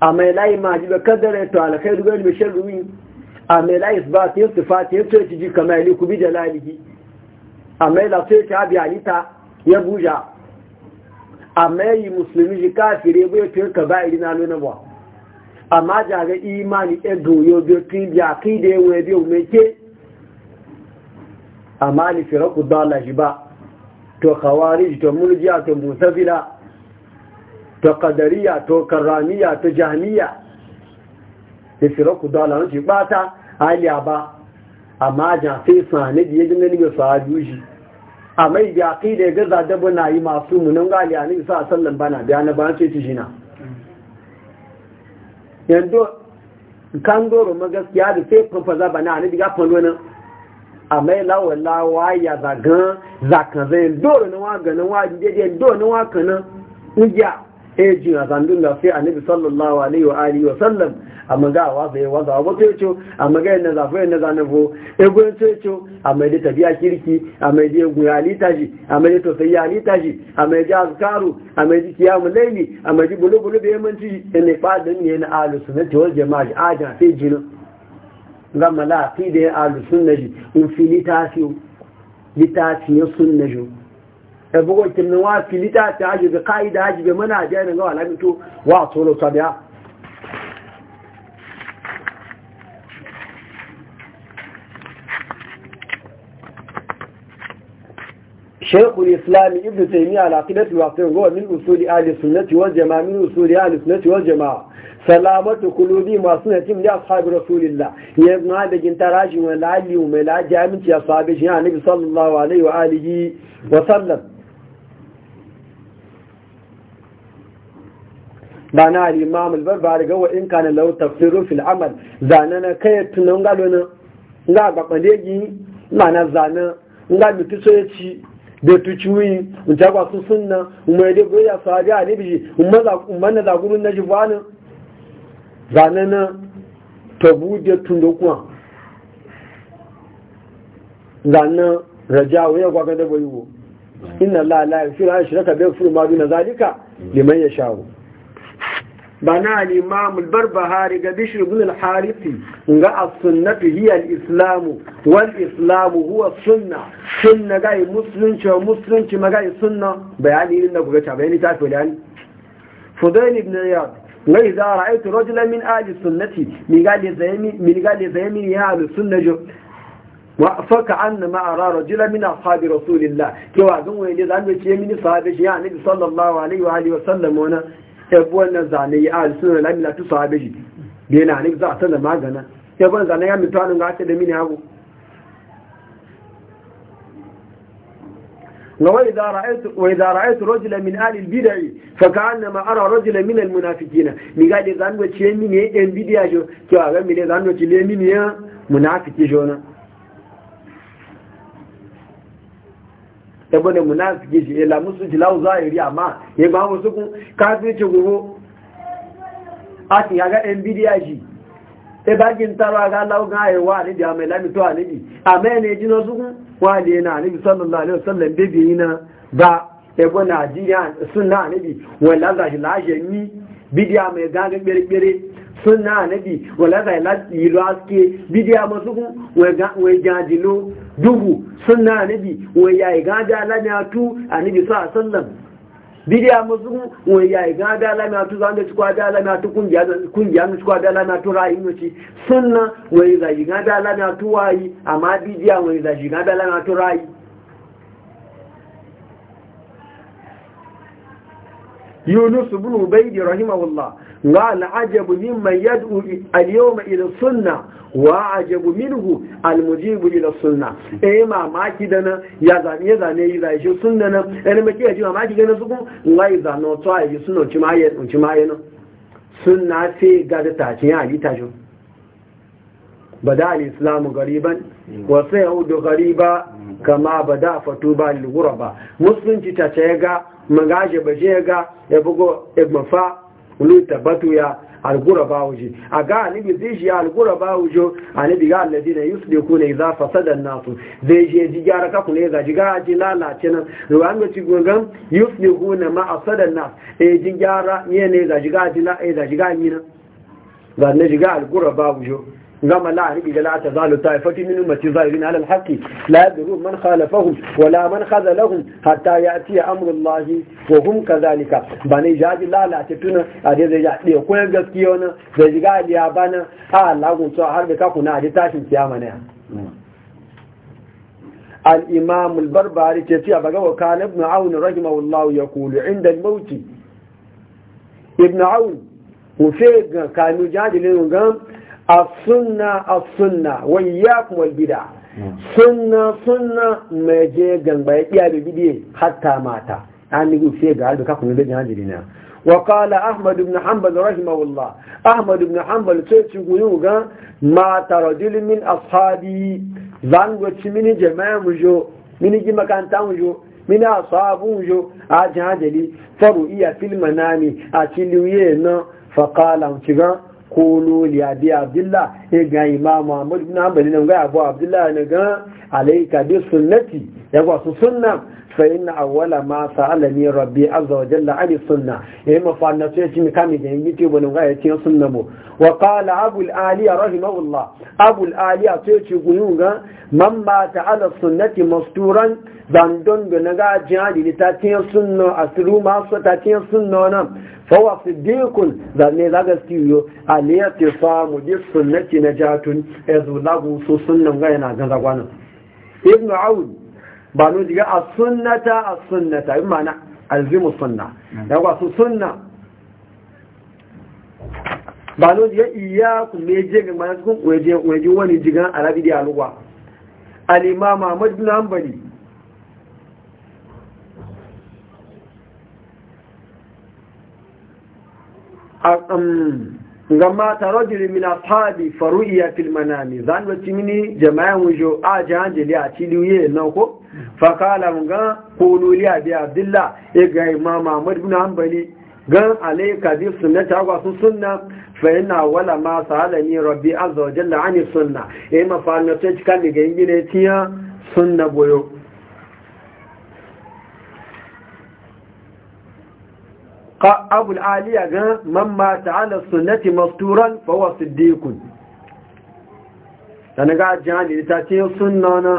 a mai layi ma ji ba kaddara to alkhairu ga mai sharri a mai layi isbat yin sifati yin sai ji kamar ni ku bi jalalihi a mai la sai ta bi alita ya buja a mai yi musulmi ji kafire bai fi ka ba iri na lona ba amma ja ga imani e goyo bi ki da akide we bi o meke amma ni firaku dalaji ba to ji to murji'a to musabila to kadariya to karramiya to jamiya da firaku dala wani bata aliyar ba amma jan sai sani da yajin gani bai sa juji a mai biya kai da ya gaza dabo na yi masu munin galiya ne a sallan bana biya na ba ce tijina yanzu kan doro magaskiya da sai fafaza bana ne diga fano nan a mai lawala waya zagan zakan zai doro na wa na wa jeje doro na wa kanan e eh, ji na sandun da sai annabi sallallahu alaihi wa alihi wa sallam amma ga wa sai wa za ba sai ce amma ga yana zafi yana zanafo e eh, gwen sai ce amma da tabiya kirki amma da gun alita ji amma da tosai alita ji amma da azkaru amma da kiyamu laili amma da bulu bulu da yamanci ne fadin ne na ahlus sunnati wal jama'a ajan sai jinin ga malafi da ahlus sunnati in fi litafiyo litafiyo sunnati ẹgbogbo ìkìnnì wọn fi lítà àti àjẹgbẹ káyídà àjẹgbẹ mọ́nà àjẹ́ ìrìnlọ́wà lámìtó wà tó lọ sọ́bíà شيخ الإسلام ابن تيمية على عقيدة الواقعين هو من أصول أهل السنة والجماعة من أصول أهل السنة والجماعة سلامة قلوبي ما سنة من أصحاب رسول الله يبنى بجن تراجم والعلي وملاجع من أصحابه النبي صلى الله عليه وآله وسلم ba na limamul imam al-barbari ga wa in kana law tafsiru fil amal na kai tunan galo na nga ba kwandegi mana zana nga ya ci da wuyi unta kwa su sunna umar da go ya sahabi a ne biji umma za umma na za na na jibana zanana tabu da tundo kwa zane raja ya gwaga da bayiwo inna allaha la shi an yushraka bihi wa yaghfiru ma duna zalika liman ya shawo." بنا الإمام البربهاري بشر بن الحارثي قال السنة هي الإسلام والإسلام هو السنة سنة قال مسلم شو مسلم شو ما قال سنة بيعني لنا بقى بيعني تعرف بيعني فضيل بن رياض wai za a ra'aitu rajulan min ahli sunnati min gali zayami ya ahli sunna jo wa faka anna ma ara rajulan min ashabi rasulillah ke wa zan wani zan ce mini sahabi shi ya annabi sallallahu alaihi wa alihi ebuwan wannan zane ya ahal suna lamila tu sahabe shi da yana ne za a sanar magana ebuwan zane ya mutu hannun ga ake da mini hagu وإذا ara رجلا من آل البدع فكأنما أرى رجلا من المنافقين من قال إذا أنت تشيني من بدع جو كي أغمي إذا أنت تشيني من منافق جونا ẹgbọ́n munafiki ṣe ẹlà musulci láwùzọ́ àìrí àmá ẹgbà àwọn sókún káfíìtì gbogbo a ti gaga nbda ṣi ẹbá jí ń taro aga láwùgán àìwá níbi àmà ìlàmì tó àníbi àmà ẹni ìjìnà sókún wọ́n lè na àníbi sọ́lọ̀lọ́ àlẹ́sọ́lẹ̀ bébì iná bá ẹgbọ́n nàìjíríà sún náà níbi wọ́n lázàjì láàṣẹ ní sunna anabi wala zai lati yi aske bidiya masu kun wai jajilo Dubu sunna anabi wai yayi gada lamiyatu anabi sa sallam bidiya masu kun wai yi gada lamiyatu zan da ci kwada lamiyatu kungiya na ci kwada lamiyatu ra'ayi mace sunna wai zai gada lamiyatu wayi amma bidiya wai zai gada lamiyatu ra'ayi يونس بن عبيد رحمه الله قال عجب ممن يدعو اليوم إلى السنة وعجب منه المجيب إلى السنة إيه ما كدنا يزان يزان إذا يشو سنة أنا ما كي أجيب ما دانا سكو سكون لا إذا نوتوا يشو سنة وشماية وشماية سنة في قادة تاتي يعني يتاشو بدأ الإسلام غريبا وسيعود غريبا كما بدأ فتوبا للغربا مسلم تتشيغا magaje baje ya ga ya bugo igmafa ulu batu ya algura ba aga a ga alibi zai shi ya algura ba wuje alibi ga allazi na yusuf da kuna za fasadan nasu zai je ji gyara kaku ne za ji ga ji lalace nan ruwan da cikin gan yusuf na kuna ma asada sadan nasu e ji gyara ne ne za ji ga ji za ga ne ji algura ba gama la harbi da la ta zalu ta fati min ummati zahirin ala alhaqi la yadru man khalafahum wala man khazalahum hatta yati amrullahi wa hum kadhalika bane jaji lalace tuna a dai zai ya ko gaskiya na da jiga liya bana a Allah kun har da ka kuna a tashin kiyama ne الإمام البربري كتير بقى وكان ابن عون رحمه الله يقول عند الموت ابن عون وفيق كانوا جاد لهم as-sunna as-sunna wa iyyakum wal bid'a sunna sunna mai je gangba iya kiya bi bidiye hatta mata an ni gufe ga albi kafin da jana jirina wa qala ahmad ibn hanbal rahimahullah ahmad ibn hanbal sai ci guyu ga ma tarajul min ashabi zan mini jama'a mu jo mini ji makanta mu jo mini ashabu mu a jana dali faru iya fil manami a cikin liwiye na fa qala mu ci kolo ya bi abdullah e ga imam muhammad ibn hanbali nan ga abu abdullah ne ga alayka bi sunnati ya ga su sunna فإن أول ما سألني ربي عز وجل عن السنة إما فأنا سيأتي مكامي جنجي تيبو ونغاية سنة مو وقال أبو الآلية رحمه الله أبو الآلية سيأتي قيوغا من بات على السنة مستورا زندون بنغا جاني لتاتين سنة أسلو ما ستاتين سنة نام فهو صديق زني لغا سيو عليه تصام دي السنة نجاة إذ لغو سنة غينا غنزا ابن عود ba nun diga a sunnata a sunnata yi mana alzimu sunna hmm. ya kwa su sunna ba nun diga iya ku ne je ga mana kun waje wani wani a rabi da alwa al-imam um, Ahmad a gama ta jiri min ashabi faru'iya fil manami zan wacce mini jama'an wujo a jahan jeli a ciliye nan ko fakala ga kololi abi abdullah e ga imam ahmad bin hanbali gan alayka bi sunnati agwa sun sunna fa inna wala ma ni rabbi azza wa jalla ani sunna e ma fa na ce kan ga yin tiya sunna boyo ka abul aliya ga man mata ala sunnati masturan fa huwa siddiqun dan ga jani ta ce sunna na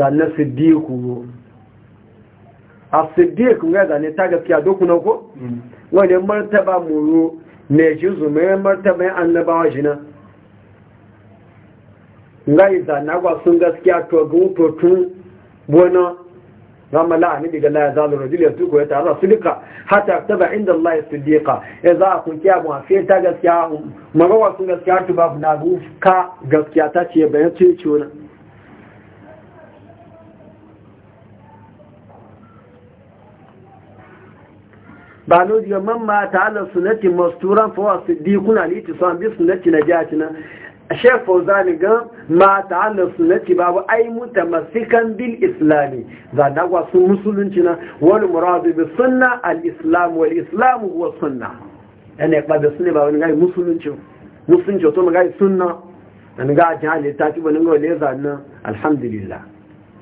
zanna siddiqu as-siddiq ga zanne ta gaskiya dokuna ko mm. wani martaba muru ne shi zume martaban annabawa shi nan ngai zanagwa sun gaskiya to gutotun bona ثم لا نبي لا يزال الرجل يترك ويتعرى صدقا حتى اكتب عند الله الصديقة إذا أكون كيابا في تاقس ياهم مروى سنة سيارة باب ناقوف كا قس كياتاتي يبين تيشونا بانو دي مما ما تعالى سنة مستورا فهو صديقنا ليتصان بسنة نجاتنا shek fauzani gan mata ala sunnati babu ai muta masikan bil islami za a gwa sun musulunci na wani muradu bi sunna al islamu wal islam huwa sunna yana ba da sunna ba wani gai musulunci musulunci to gai sunna an ga jin hali ta ci wani gai leza nan alhamdulillah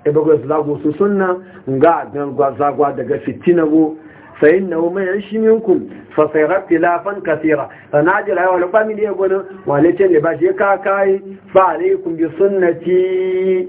e ba gwa zago su sunna ga zagwa daga fitina go فإنه من يعيش منكم فسيرى اختلافا كثيرا فناجل هاي ولو فامي ليه قولوا وليتين لباشي كاكاي فعليكم بسنتي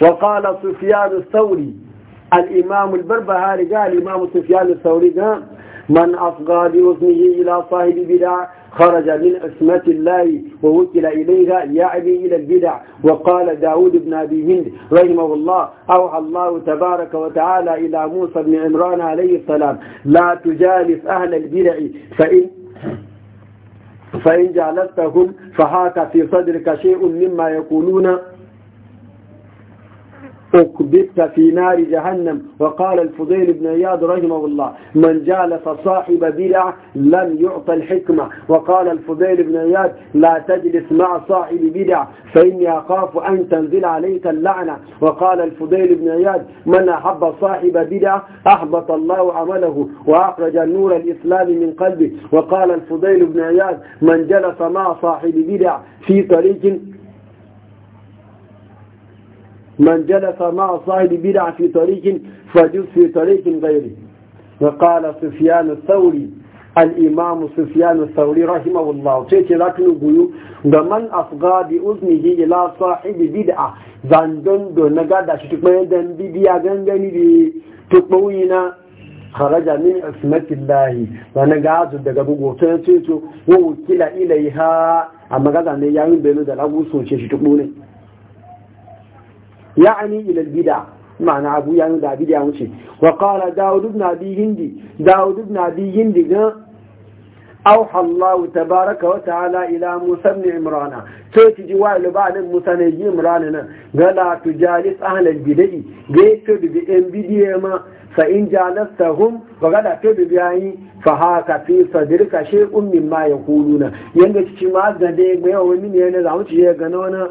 وقال سفيان الثوري الإمام البربهاري قال الإمام سفيان الثوري قال من أصغى بوزنه إلى صاحب بدع خرج من عصمة الله ووكل إليها يعني إلى البدع وقال داود بن أبي هند رحمه الله أوحى الله تبارك وتعالى إلى موسى بن عمران عليه السلام لا تجالس أهل البدع فإن فإن جالستهم فهاك في صدرك شيء مما يقولون أكبت في نار جهنم وقال الفضيل بن عياد رحمه الله من جالس صاحب بدع لم يعطى الحكمة وقال الفضيل بن عياد لا تجلس مع صاحب بدع فإني أخاف أن تنزل عليك اللعنة وقال الفضيل بن عياد من أحب صاحب بدع أحبط الله عمله وأخرج نور الإسلام من قلبه وقال الفضيل بن عياد من جلس مع صاحب بدع في طريق من جلس مع صاحب بدع في طريق فجلس في طريق غيره وقال سفيان الثوري الإمام سفيان الثوري رحمه الله تيتي لكن قيو ومن أفغى بأذنه إلى صاحب بدعة زندن دون نقادة شتكمين دن دن غنغني بتكموينا خرج من عصمة الله ونقاد دقابو قوتين تيتو ووكل إليها أما قد أن يعين بينو أبو سوشي شتكموني يعني إلى البدع معنى أبو يعني دا بدع مشي وقال داود بن أبي هندي داود بن أبي هندي أوحى الله تبارك وتعالى إلى موسى بن عمران تأتي وائل بعد موسى نجي عمران قال تجالس أهل البدع قيت بدي ما فإن جالستهم وقد أتوا بيعي فهاك في صدرك شيء مما يقولون ينجي ما زديك ويومين ينزعون شيء قنونا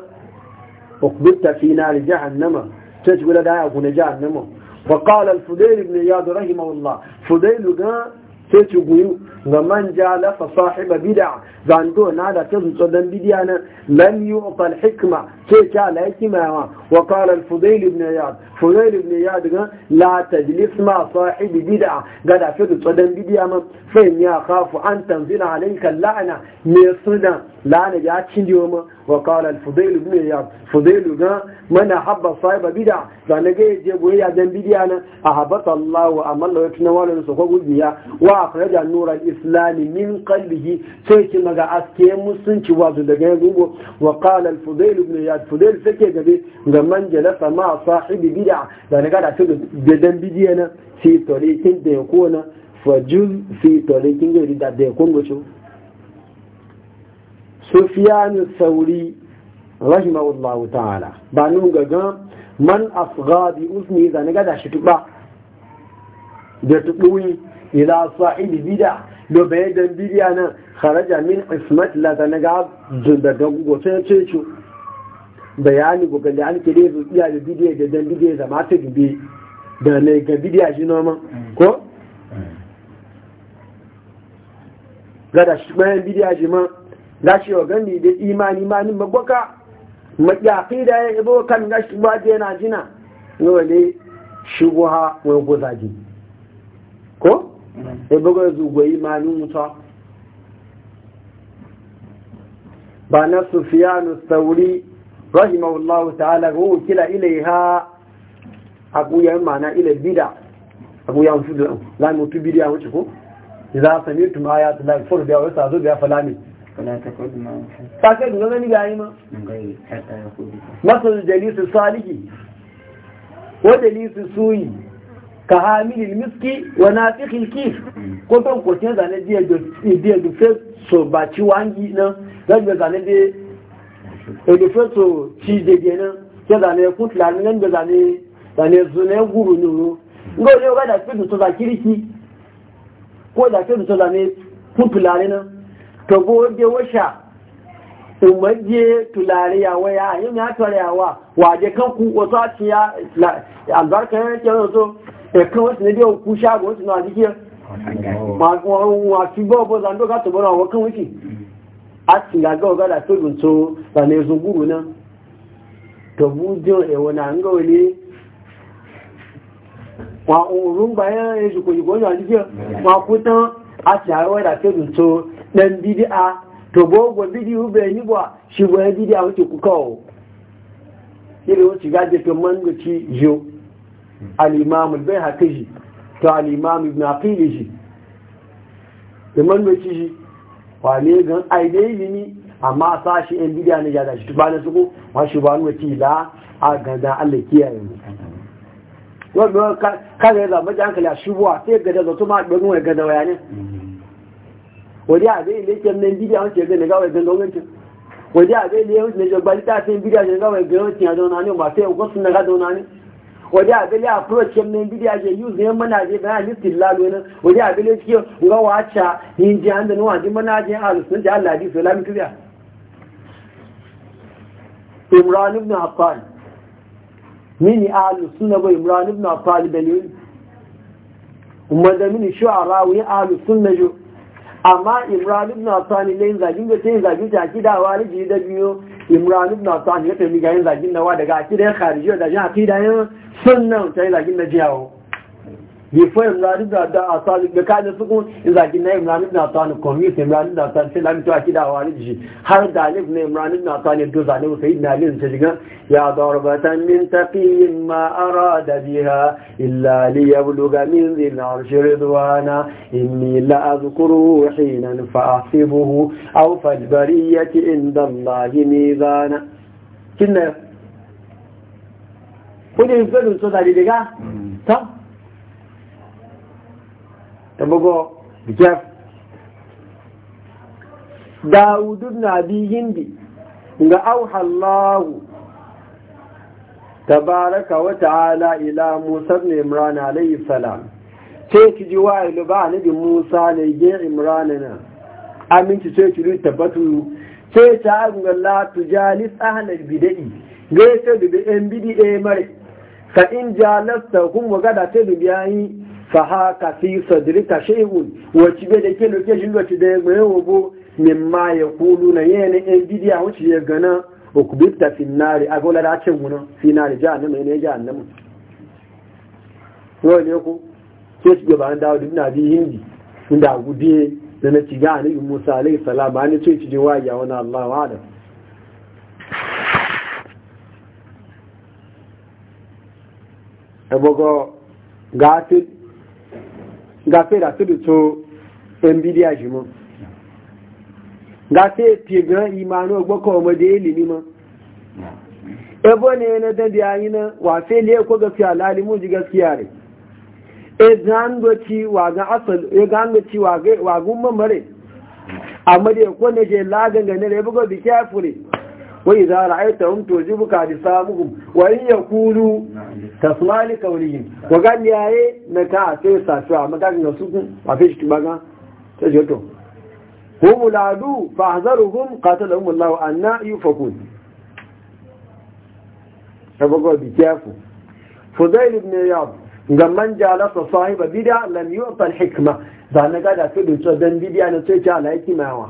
أقبلت في نار جهنم تجول دعاه جهنم وقال الفضيل بن إياد رحمه الله فضيل قال sai ci guyu ga manja lafa sahiba bid'a zando na da ta zuwa dan bid'a nan lam yu'ta al-hikma sai ta la hikma wa wa qala al-fudayl ibn iyad fudayl ibn iyad ga la tajlis ma sahib bid'a ga da ta zuwa dan bid'a man ya khafu an tanzila alayka lana me suna lana ya cin diyo ma wa qala al-fudayl ibn iyad fudayl ga man habba sahiba bid'a zan ga je goyya dan bid'a nan ahabata Allah wa amalla wa tunawala su ko gudiya wa fa akhraja nur al-islam min qalbihi sai ki maga aske musunci wazo daga yanzu wa qala al-fudail ibn iyad fudail sake gabe ga man jalasa ma sahibi bid'a da ne kada da dan bidiya na sai tariqin da yako na fajuz fi tariqin gari da da yako ngocho sufyan sauri rahimahullahu ta'ala ba nun gaga man asgha bi da ne kada shi tuba da ila sahib bida lo bai da bidiya nan kharaja min ismat la ta naga da gugu sai ce ce bayani go da an kede su iya da bid'a da dan bid'a da ma ta dube da ne ga bid'a shi noma ko gada shi bayan bid'a shi ma shi wa gani da imani imani magwaka maƙyaƙi da ya ibo kan gashi ba da yana jina yau ne shubuha wani gozaji ko ebogo zugoyi manu muta ba na sufiyanu sauri rahimahullahu ta'ala ga wukila ilaiha a kuyayen mana ila bida a kuyayen su da lami mutu bidiya wuce ko za a sami tuma ya tula fur biya wasu azo biya falami sake duka gani gayi ma masu jalisu salihi. ko jalisu suyi ka hamilil miski wa nafiqil kif ko ban ko tin zane dia do dia do fe so ba ci wangi na zan be zane de e do fe so ci de de na ke zane ku tla ni ngan be zane zane zune guru ni ru ngo le ga da fe to za kiriki ko da fe to zane ku tla ni na to go de washa umarje tulare ya waya yin ya tare yawa waje kan ku wasu a ciya albarkar yake yanzu ẹ̀kan wọ́n sì ní bí òkú ṣáàbù wọ́n sì náà àti kíyà wọ́n àti gbọ́ọ̀bọ̀ àwọn kan wíkì àti ìgbàgbọ́ ọ̀gádà tó dùn tó lànà ẹ̀sùn gúrù náà tọ̀bú jẹ́ ẹ̀wọ̀n náà ń gọ́wé ní wọn òun gbà yẹn èsù kò yìí àti a al-imam al-bayhaqi to al-imam ibn shi ji Wa ne ji wale ne aide ilimi amma sashi yan bidiya ne ya da shi ba su suko wa shi ba nwa ci da a gada Allah kiyaye mu wannan ka ga da majan kala shubuwa sai gada zato ma ga nwa gada waya ne wadi a zai leke nan bidiya wance ga ne ga wai ganda wancan wadi a zai leke ne ga balita sai bidiya ne ga wai ganda wancan ya ne ba sai ko sun ga zauna ne waje abele approach kem ne bidi aje use ne mana je na listin lalo ne waje abele ki ga wacha yin ji handa ne waje mana je alu sun ji Allah di salamu tuya Imran ibn Affan mini alu sunna ba Imran ibn Affan dalil umma da mini shu'ara wa alu sunna jo amma Imran ibn Affan ne zagin da tayin zagin ta kidawa ne ji da biyo imran ibn asan ya tafi ga yin zagin nawa daga akidan kharijiyya da jin akidan sunnan ta yi zagin na jiyawo before imran ibn da asali da kana su kun zaki na imran ibn atan convince imran ibn atan sai lamu ta kida wa riji har dalib ne imran ibn atan to zane sayyidina ali ta shiga ya darbatan min taqiyin ma arada biha illa li yabluga min dhil arsh ridwana inni la azkuru hinan fa ahsibuhu aw fal bariyati inda allah mizana kinna kudin fadin so da diga ta bugo jeff dawudu na biyin bi ga auhallahu tabaraka wa ta'ala ila musa ibn imran alayhi salam sai ki ji luba ne bi musa ne ge imran na aminci ce ki rubuta batu sai ta ga la tujalis ahli bid'i ge sai bi en bid'i e mare fa in kun ga da sai bi yayi faha fi sadrika shay'un wace be da ke location lokaci da ya mai wobo mimma ya kulu na yana en bidiya wace ya gana ukbita fi nari agola da cin wuna fi nari jahannama ne jahannama yau ne ku ke shi ba an dawo dubna bi hindi inda gudiye da na ciga a nabi musa alayhi salam ba ni ce ci je waya wani allah wa da ebogo gafir gafe da su da so ɗan bidiya shi gafe figan imanu e gbaka e e wa da ilimi ma ebo ne na dandi yayi na wafe liya ko gaskiya lalimu ji gaskiya re e zangoci wa ga asal e zangoci wa ga wa gumma mare amma da ko ne je lagan ga bugo rebo go wai za a ra'ayyar ta'un to ji buka da samun wani ya kuru ta suna ne kaunihin wagan yaye na ka a sai sasuwa magagin da sukun a fi shi tubaga ta jeto kuma ladu ba a zaru hun kata da umar lawa a na yi fakun ta bago bi kefu fuzai lif ne ya gamman jalasa sahiba bidiya lam yi wata hikima za na gada fi dutse don bidiya na sai ki ala yaki mai yawa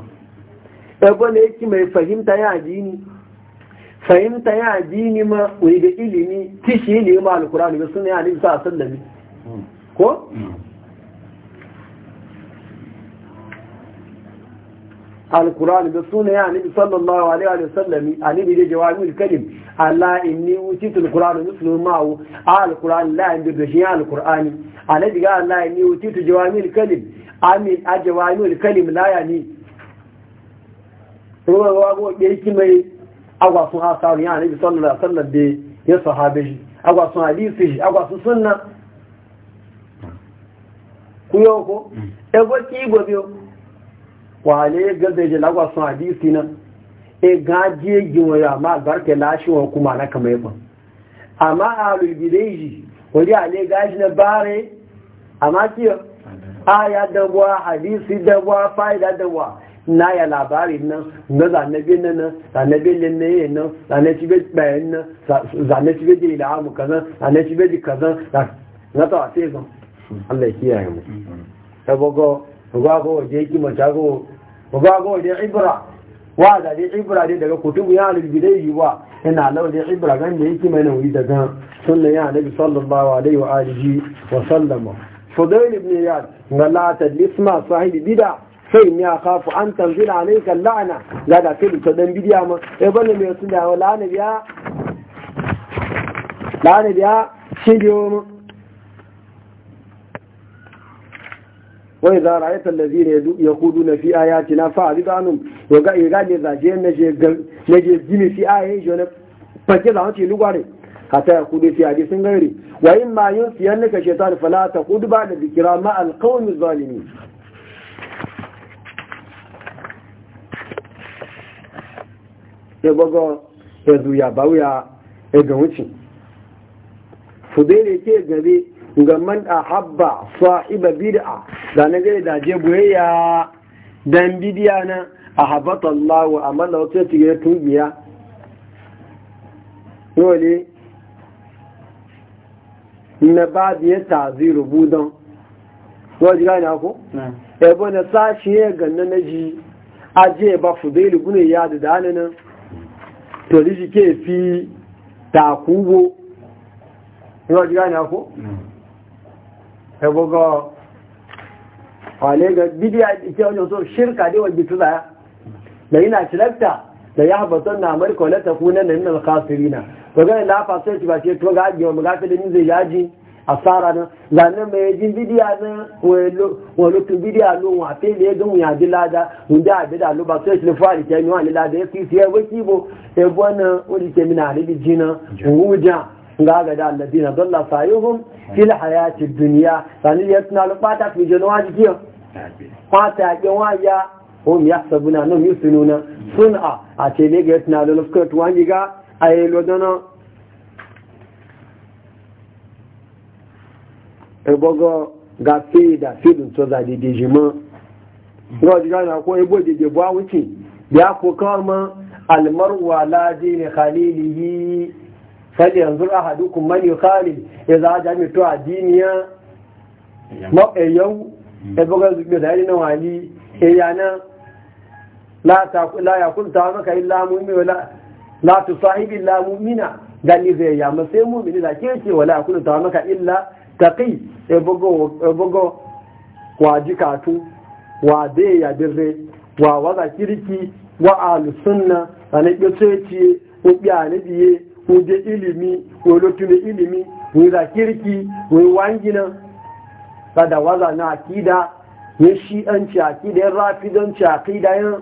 ebe ne yaki mai fahimta ya ji ni fahimta ya dini ma wai ga ilimi tishi ilimi ma alkurani ga suna ya nufi da ni ko? alkurani ga suna ya nufi sallallahu alaihi wa sallami a nufi da jawami kalim Allah inni utitul qur'ana mislu ma'u alquran la inda da shi alqur'ani alladhi diga Allah inni jawabin jawami kalim amin a jawabin la yani ruwa wa go yake mai agwa sun sa riyan annabi sallallahu alaihi wasallam da ya sahabe shi agwa sun hadisi shi agwa sun sunna yau ko mm. e go ki go biyo wale ga da je agwa sun hadisi nan e gaje giwa ya ma barke lashi wa kuma na kamar ba amma alul bidaiji wani ale gaji na bare amma kiyo ya dabuwa hadisi dabuwa fa'ida dabuwa na ya labari nan na zanabi na nan zanabi linnaye nan zanabi bayan nan zanabi da ilamu kazan zanabi di kaza na ta sai zan Allah kiyaye mu ta bogo bago waje ki mata bogo bago waje ibra wa da dai ibra dai daga kutubu ya albidai yiwa ina lawa dai ibra gan da yake mai nauyi daga sunna ya nabi sallallahu alaihi wa alihi wa sallama fudail ibn iyad la tadlis ma sahibi bid'ah sai ni akhafu an tanzila alayka la'ana la da sai to dan bidiya ma eh bane me sun da la'na biya la'na biya shi biyo mu wa idza ra'aita alladhina yaquduna fi ayatina fa'rid anhum wa ga ga ne za je ne je ne je jini fi ayaye jona fake da wuce lugware hatta yaqudu fi sun gare wa ma yusiyannaka shaytan fala ba ba'da dhikra ma alqawmi zalimin ya bago ya zuya bauya ya ga wuce fudere ke gare ga man a habba sahiba bid'a da na gare da je boyayya dan bidiya na a habata Allah wa amala wata ta gare tungiya dole na ba da ya tazi rubudan wajen gane ako? ebe na sashi ya ganna na ji a ajiye ba fudailu gune ya da dananan torí sí ke fi tàkúwó rọ́jú rá ní ọkú ẹgbogbo ọ̀lẹ́gbẹ̀ bídí àti ọjọ́ tó ṣírkà díwọ̀ gbìtú láyá lẹ́yìn àti lẹ́pta da ya haɓatar na amurka wale ta kunan da yin alkasiri na ba lafa sai ba ce to ga gafi da zai yaji asara nan zanen mai jin bidiya nan wani tun bidiya nun wa fe da ya gan wuya ji lada mun da abi da luba sai shi fari ke ni wani lada ya fi fiye ba kibo ya gwana wani ke mina haribi jina wuja ga ga da allazi na dalla sayuhum fil hayati dunya sani ya tuna lubata fi jino wa jikiyo fata ya ke waya hum yahsabuna annahum yusinuna sun'a a ce ne ga tuna lubata wani ga ayi dana. ebogo ga feda fedun to za dede jima ga ji gana ko ebo dede bo awuci ya ko kama almaru ala khalili yi. fali yanzu ahadukum man yukhalil idza jami to adiniya ma eyau eh, ebogo zube da yana wali eyana eh, la ta la yakul ta maka illa mu'min wala la tusahibi illa mu'mina dan ni zai ya masai mu'mini da ke ce wala yakul ta maka illa taƙi ebogo ebogo wa jikatu wa de ya dirre wa waza kiriki wa ahlus sunna ana gbesechi obi anabiye uje ilimi olotune ilimi wiza kirki wi wangina da waza na akida ya shi'anci akida ya rafidanci akida ya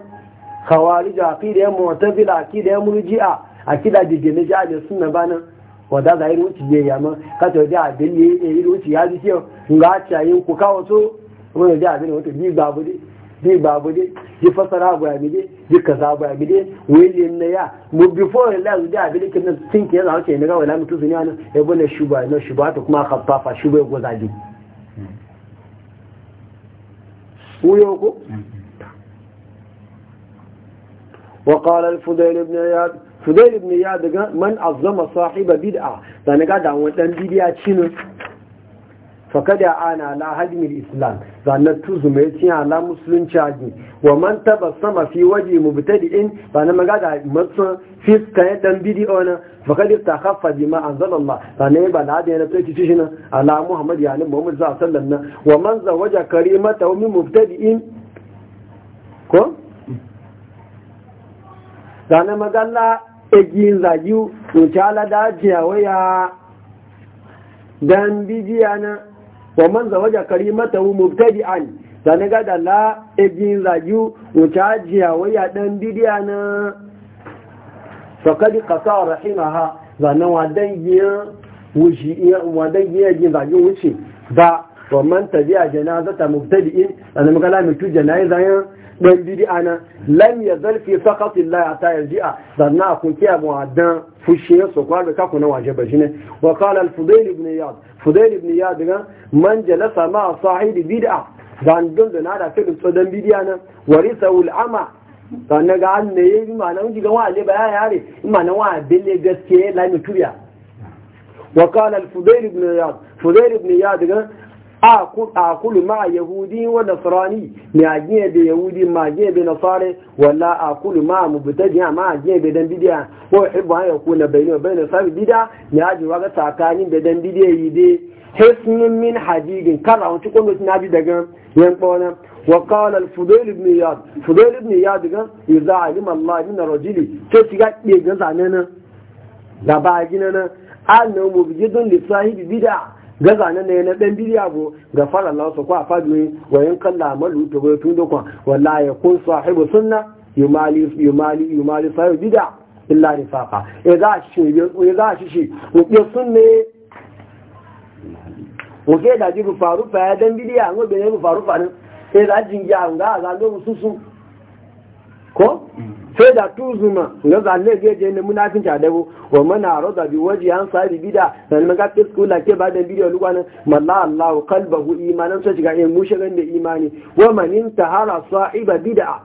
khawarij akida ya mu'tazila akida ya murji'a akida digene ja da suna bana wata ga irin wuce je yamma ka ta da abin ne eh, irin wuce ya ji kiyo ga ta yin ku kawo so mun da abin wato bi babu dai bi babu dai ji fasara ba mi dai ji kaza ba mi dai wani ne ya mu before la da abin kin nan tin ke yana wuce ne ga wala mutu zuniya nan e bane shuba no shuba to kuma khaffafa shuba go zadi uyo ko وقال الفضيل بن عياد Fudail ibn ya daga man azama sahiba bid'a da ne ga da wani dan bid'a fa kada ana la al islam sannan tuzu mai cin ala musulunci aji wa man tabassama fi waji mubtadi'in ba na maga da matsa fi kai dan bidiyo na fakad takhaffa bima anzalallah ne ba na da yana tsaci shin ala muhammad ya nabi muhammad sallallahu alaihi wasallam wa man zawaja karimata min mubtadi'in ko sannan magalla egin zagiu wuce da jiyawa ya dan bijiya na wa man zawaja karimata hu mubtadi'an zane ga da la egin zagiu wuce jiyawa ya dan bijiya na fakadi kasa rahimaha zane wa dangiyan wuce wa dangiyan egin zagiu wuce ba wa man tabi'a janazata mubtadi'in zane magana mutu janazan Ɗan dan bid'a na lam yazal fi saqati Allah ta yanzu a dan a kun kiya mu adan fushe so kwa da kaku na wajaba shine wa qala al fudail ibn iyad fudail ibn iyad ga man jalasa ma sahibi bid'a dan don da na da fi so dan bid'a na warisa al ama dan ga an ne yi ma nan ji ga wa le baya yare ma nan wa bele gaske la mi tuya wa qala al fudail ibn iyad fudail ibn iyad ga akulu ma yahudi wa nasrani a ajiye da yahudi ma ajiye da nasare wala akulu ma mubtadi ma ajiye da dan bidiya wa hibbu an yakuna bayni wa bayna sabi bidia mi aji wa ga tsakanin da dan bidia yi de hisnun min hadidin kara wuce kondo na bi daga yan bona wa qala al fudail ibn iyad fudail ibn iyad ga idza alima allah min rajuli to shiga be ga zanana da ba gina na annahu mubjidun li sahibi bidia gaza na ne na dan bidiya bo ga fara lausa kwa fadi wa yan kalla amalu to go tun dokwa wallahi kun sahibu sunna yumali yumali yumali sayo bid'a illa nifaqa e za shi e za shi shi ko sun ne ko ke da jiru faru fa ya dan bidiya ngo be ne faru fa ne e za jinja nga za ngo susu ko mm. sai da tuzuma ga zalle ga je ne munafin ta dago wa mana rada bi waji an sari bida dan maga la ke ba da bidiyo nan malla Allah qalbahu imanan sai ga yin mushigan da imani wa man intahara sa'iba bid'a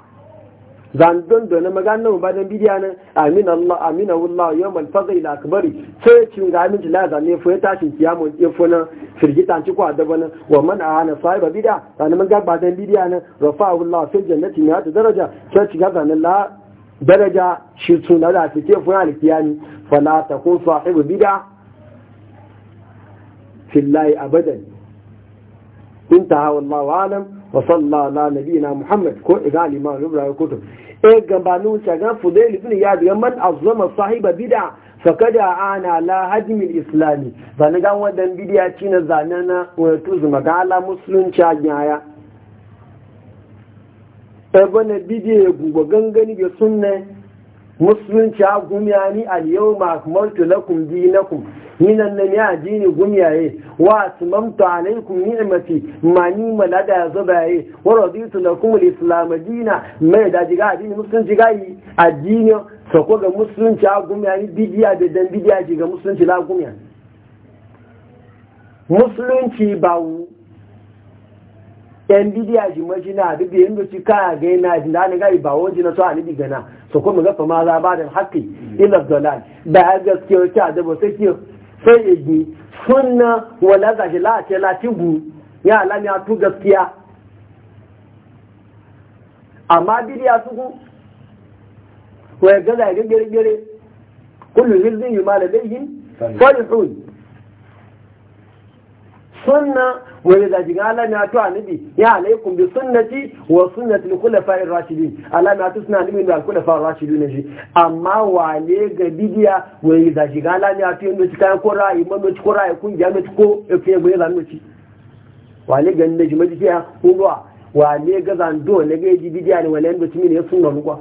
zan don don maga nan ba da bidiyo nan amin Allah amin Allah yawm al-fadl akbar sai cin ga min la zan ne fa ta cin kiyamo ke fona firgitan ci kwa da nan wa man ana sa'iba bid'a nan maga ba da bidiyo nan rafa'u Allah fil jannati na daraja sai ci ga nan la daraja shi suna da su ce funa alkiyami fala ta kun sahibu bida fillahi abadan intaha wallahu alam wa sallallahu ala na muhammad ko iga liman rubra ya kutub e gabanin shagan fudail ibn ya ga man azama sahiba bid'a fakada ana la hajmi islami ga wadan bidiya cina zanana wato zuma ga ala musulunci yaya ebene bidiyo ya guba gangani ga sunne musulunci a gumiya ni aliyau ma kamartu lakum dinakum ni nan nan ya dini gumiyaye wa atmamtu alaikum mafi ma ni malada ya zabaye wa raditu lakum al-islam dina mai da jiga dini musulunci gayi addini sako ga musulunci a gumiya ni bidiya da dan bidiya ga musulunci la gumiya musulunci ba yan bidiya shi na na duk da yin doci kaya ga yana jin da ga ba wajen na so a nabi gana so kuma ga ma za ba da haƙƙi ila dalal da a gaske wa ta da ba sai ki sai suna sunna wala ga shi la ce la tigu ya alami a tu gaskiya amma bidiya su ku wai ga ga gere gere kullu hizbin yuma da bayyin farihun sunna wani da jiga alami ato anibi ya alaikun bi sunnati wa sunnati na kula fa'in rashidin alami ato sunna anibi da kula fa'in ar na shi amma wale ga bidiya wani da jiga alami ato yanda ci kayan kora yi mano ci kora yi kungiya mai ci ko efe gwe zan ci wale ga nda jima jikiya kuma wale ga zando na ga ji bidiya ne wale yanda cimini ya sunna rukwa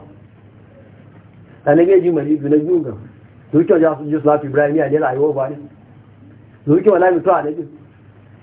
a na ga ji marizu na yunga zuwa jasu jisu lafi ibrahim ya ne rayuwa ba ne zuwa wala mutuwa na jisu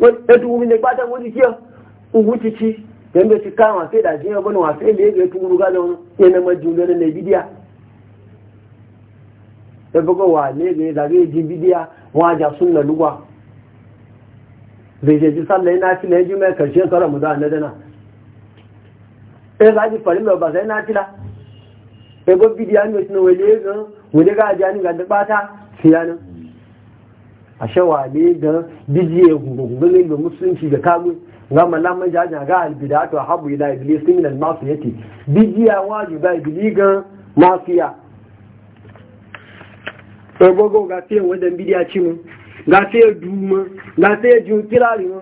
ẹtù omi ní pátá wọ́n ti kí ọ ogun títí yẹnbẹ̀ ti ká àwọn àfẹ́dà sí ọgbọ́n àwọn àfẹ́ ilé ẹgbẹ̀ tó wúrú ká lọ yẹn náà jù lọ nílẹ̀ bídíà ẹgbẹ́gbẹ́ wà ní ẹgbẹ́ ìdàgbé ìdí bídíà wọn àjà sún lọ lúwà bèjè ti sálẹ̀ iná sílẹ̀ ẹjú mẹ́ kẹ̀ṣẹ́ sọ́rọ̀ mọ́dọ́ ànẹ́dẹ́nà ẹgbẹ́ àti pẹ̀lú lọ bàtà iná sílá ẹgbẹ́ bídíà ní oṣù wẹ̀lẹ́ gan wẹ̀lẹ́ ká àjà a shawale ga bijiye gungunin da musulunci da kamun ga malaman jaja ga albida to habu ila iblis min al masiyati bijiya waju ga iblis ga mafiya. to bogo ga fiye wanda bidiya ci mu ga fiye duma ga fiye ju kirari mu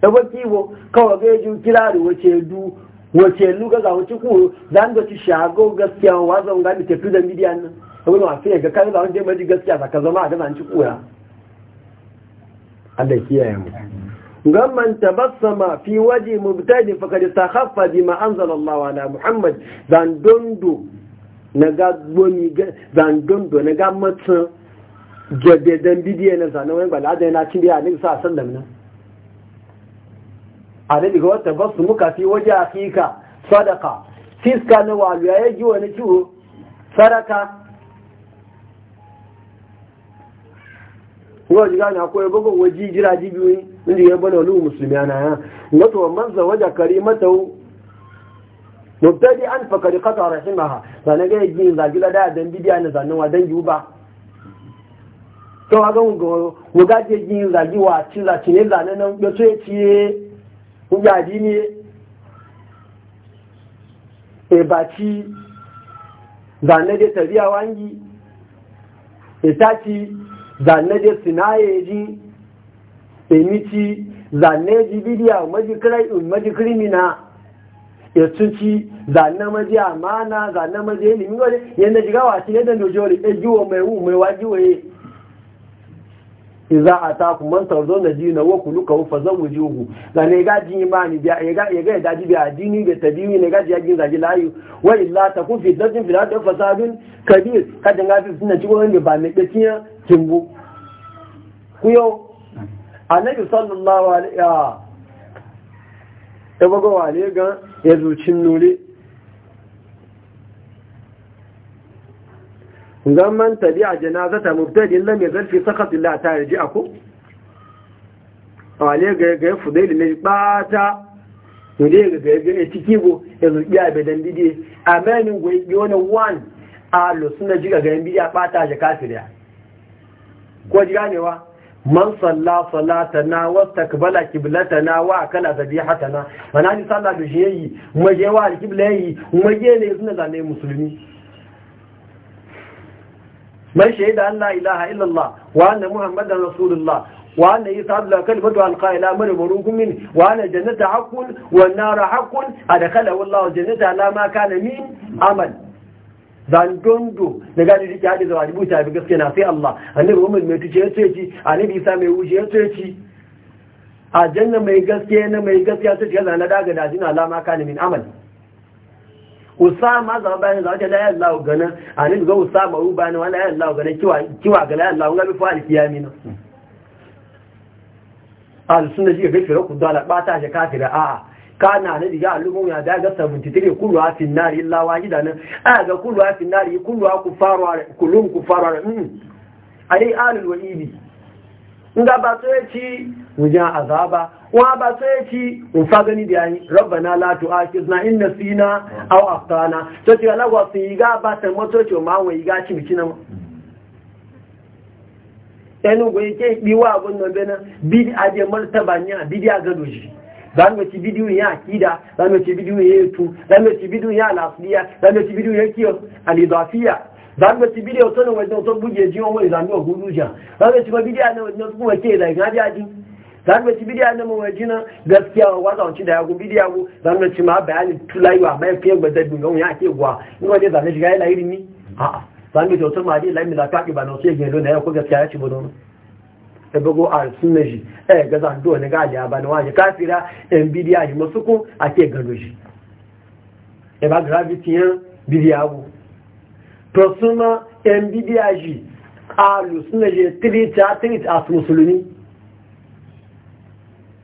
da baki bo kawai ga ju kirari wace du wace lu ga wace ku dan da ci shago gaskiya wazan ga bi tafi da bidiyan nan wani masu yanka kan zaun je maji gaskiya saka zama a an ci kura da kiyaye mu gamman ma fi waje mubtadi faqad takhaffa bima anzala Allah ala Muhammad zan dondo na ga zandondo zan dondo na ga matsa jaddadan bidiyo na zanen wani adana yana cin a nisa a sallam nan a da wata basu muka fi waje a ka sadaka fiska na waluya ya ji wani ciwo sadaka kuma ji ne akwai bugun waji jira ji biyu inda ya bane wani musulmi ana ya wato man zawaja karimata mubtadi an fa kari qata rahimaha sanan ga yi zagi da da dan bidiya ne sanan wa dan yuba to ga mun go wo ga je yin zagi wa ci la ci ne la ne nan yo ce ci ku ya ji ne e ba ci zanen da tabiya wangi e ta ci zanaje sinaye ji emici zanaje bidiya maji krimina ya cinci zane maji amana zane maji ilimin wani yadda shiga wasu yadda ne ejiwo mai wu mai wajiwaye iza ataku man tarzona dina wa kuluka fa zawjuhu da ne ga ji imani da ya ga ya ga da ji da dini da tabiwi ne ga ji yagin zagi layu wa illa kun fi dadin fi da fasadun kabir kada ga fi ci cikin da ba ne ya kimbu Ku annabi sallallahu alaihi wa sallam ya bago wale ga ya zuci nuri zaman tabi'a janazata mubtadi lam yazal fi sakhat Allah ta yaji A wale ga ga fudail ne bata ne ga ga ga tiki go yanzu ya be dan bidi amanin go yona wan a lo suna jiga ga bidi a bata ja kafiriya ko jiga ne wa man salla salatana wa takbala qiblatana wa akala zabihatana mana ni sallah da shi yayi mu je wa qibla yayi mu je ne suna zane musulmi من شهد أن لا إله إلا الله وأن محمد رسول الله وأن يصعب له كلمة ألقى إلى أمر مروق منه وأن الجنة حق والنار حق أدخله الله الجنة على ما كان من عمل dan dondo da gani da kyadi da wajibu ta bi gaskiya na sai Allah annabi Muhammad mai tuce yace ci annabi Isa mai wuce yace ci a janna mai gaskiya na mai gaskiya ta ce zana daga da jina alama kana min amali usama za bayan za ta da yalla gana ani ga usama u bayan wala yalla gana kiwa kiwa ga yalla ga bi fa'al kiyami al sunna ji ga fira ku dala bata shi kafira a a kana ne diga alumu ya da ga 73 kullu afin nar illa wahida nan a ga kullu afin nar kullu ku faru kullum ku faru mm. ai alul wa'idi nga ba so yaci wujan azaba wa ba so yaci in fa gani da yayi rabbana la tu'akhizna in nasina aw akhtana to ti ala wa fi ga ba ta mo to ti ma wa ga ci biki na enu go yake bi wa abun nan bena bi aje martaba nya bi ga doji dan wace bidiyo ya akida dan wace bidiyo ya yutu dan wace bidiyo ya lafiya dan wace bidiyo ya kiyo al-idafiya zanga ti bidi oto ne wajen oto buje ji won wai zanga o gudu ja zanga ti bidi ana wajen ke da ga jadi zanga ti bidi ana mu wajina gaskiya wa zan ci da ya gu bidi ya gu zanga ti ma bayani tulai wa mai fiye gbadda dun gon ya ke gwa ni waje zanga shiga ila irin ni a a zanga ti oto ma di lai mi la ka ki ba no sai gelo na ya ko gaskiya ya ci bodo ebogo a sunna E, ga zan do ne ga ya ba ni wa ji kafira en bidi ya ji musuku ake e ba gravity ya gu to suma yan bidiya shi alu suna je tirita tirita a musulmi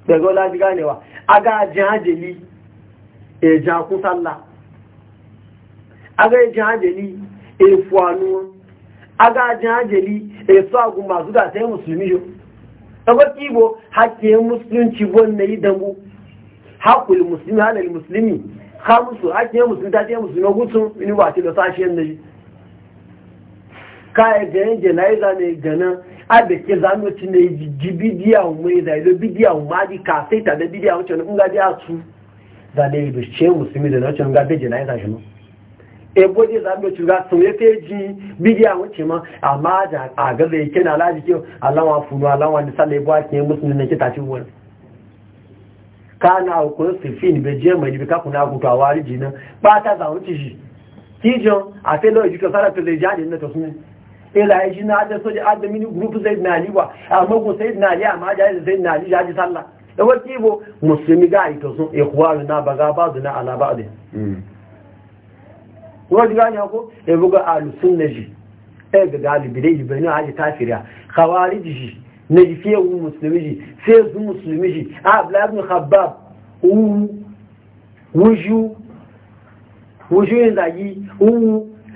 daga wala ji ganewa a ga jihajeli e ja ku sallah a ga jihajeli e fuwanu a ga jihajeli e su agun masu da ta yi musulmi yau ɗaga ƙibo haƙƙiyar musulunci wanda yi dambu haƙƙuli musulmi halar musulmi kamusu haƙƙiyar musulmi ta ce musulmi gutsun ba ce da sashen da shi kaya ganin janaiza ne ganin abeke zanoci ne ji bidiya mai zailo bidiya ma di kasai ta da bidiya wacce in gaji a su za da yi bishe musulmi da naucin gabe janaiza shi ma ebo je zanoci ga sun ya fe ji bidiya wacce ma amma da a gaza yake na alaji ke alawa funu alawa da sallah ebo ake musulmi na ta ci wani kana hukun sifin bai je mai bi kakuna gutu a wari jinan ba ta zanoci shi kijon a fe lo ijuka e sara to le jade na to sunan ila shi na ajiyar soja adamin grupu zai na ali ba amma ko sai na ali amma ja zai na ali ja ji sallah da wata bo Musulmi ga ito sun ikuwa na baga bazu na ala ba ba'd wani gani ko e buga alu na ji e ga galibi dai bani aji tafiriya kawari ji na ji fiye wu um musulmi ji fiye zu um musulmi ji a ah, abdullahi ibn habab, wu um, wuju wuju yin zagi wu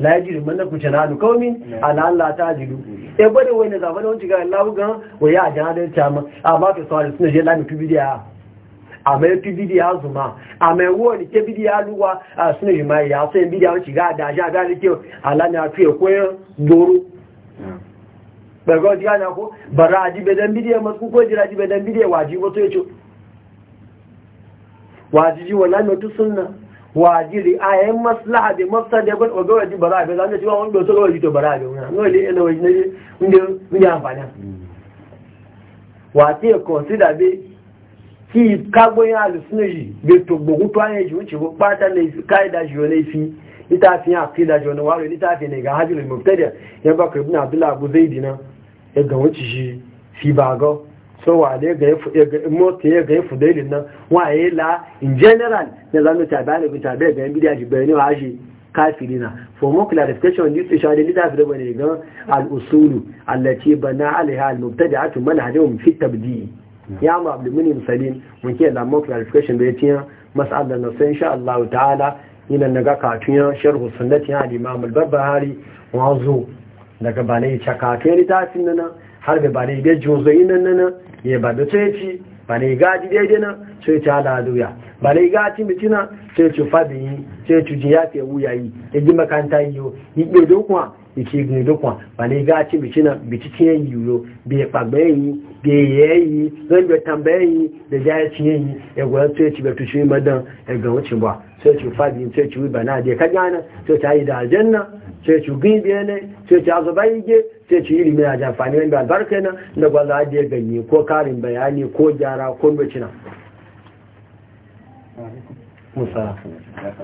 la yajiru man ku janalu qaumin mm. ala alla e wani zaba da wani ga ta ma suna zuma ke luwa a suna yi mai ya sayan wani da rike fiye doro jiya na ko bara masu jira wato ya ce mai wajiri ayan maslaha da mafsada ba ga waji bara ba zan ce wa wani dosa waji to bara ba mun ne ina waji ne inda mun ya amfana wa ti consider be ki kagbo ya alusuna yi be to gbogun to ayan ji wuce bo pata ne kai da ji ne fi ita fi ya fi da ji ne waro ita fi ne ga hajjul mubtada ya ba ibn abdullah abu zaidina ya ga wuce shi fi ba ga so wa ne ga mota ya ga yafu nan wa la in general na zanu ta bayani bi ta ga bayan bidiya ji ne wa shi kafiri na for more clarification on this issue da litafi da bane ga al-usulu allati bana alaiha al-mubtadi'atu manhajuhum fi tabdi ya mu munim salim mun ke da more clarification da yatin mas'alan na sai insha Allah ta'ala ina naga katun sharh sunnati al-imam al-barbahari wa zu daga bane ya chaka kai litafin nan har da ba da ibe jozoyi nan nan ya ba da ceci ba da ji daidai nan sai ci halaluya ba da ci mutuna sai ci fadi yi sai ci ya ke wuya yi ya e ji makanta yi yo yi ɗe dokuwa yi ci gini dokuwa ba da ci mutuna bici ciyen yi yi yo ya kpagbe yi bi ya yi yi zan bi tambaye e e yi da ja ya ci yi ya gwaya sai ci bai tushe madan ya ga wuce ba sai ci fadi yi sai ci wi ba na je ka gana sai ci ayi da aljanna sai ci gini biyane sai ci azuba yi ge sai ci ilimi a jamfani wani albarka yana da ba za a je ganye ko karin bayani ko gyara ko nocina musa da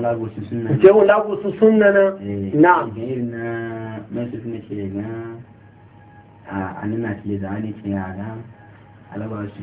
lagosu suna na na na suna ce na a anina ce da ne yara alabar su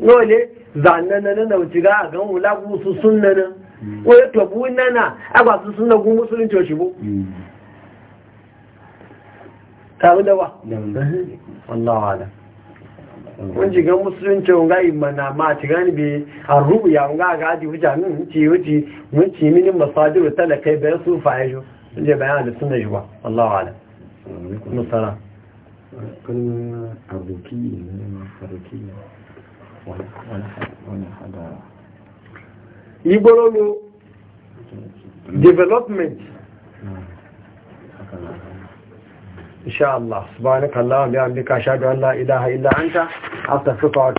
wale zanen na na wuce ga a gan wula gusu sunana nan wale tobu nana a ba su sun nagu musulun coci bu tabi da wa Allah wala kun ji gan musulun coci ga imana ma ci gani bi a rubu ya ga ga ji wuce min wuce mun ci mini masajiru talakai bayan su faye shi je bayan da sun da shi ba Allah wala musala kalmar arziki ne arziki ne igbololo development insha Allah subhanaka Allah wa bihamdika ashhadu an la ilaha illa anta astaghfiruka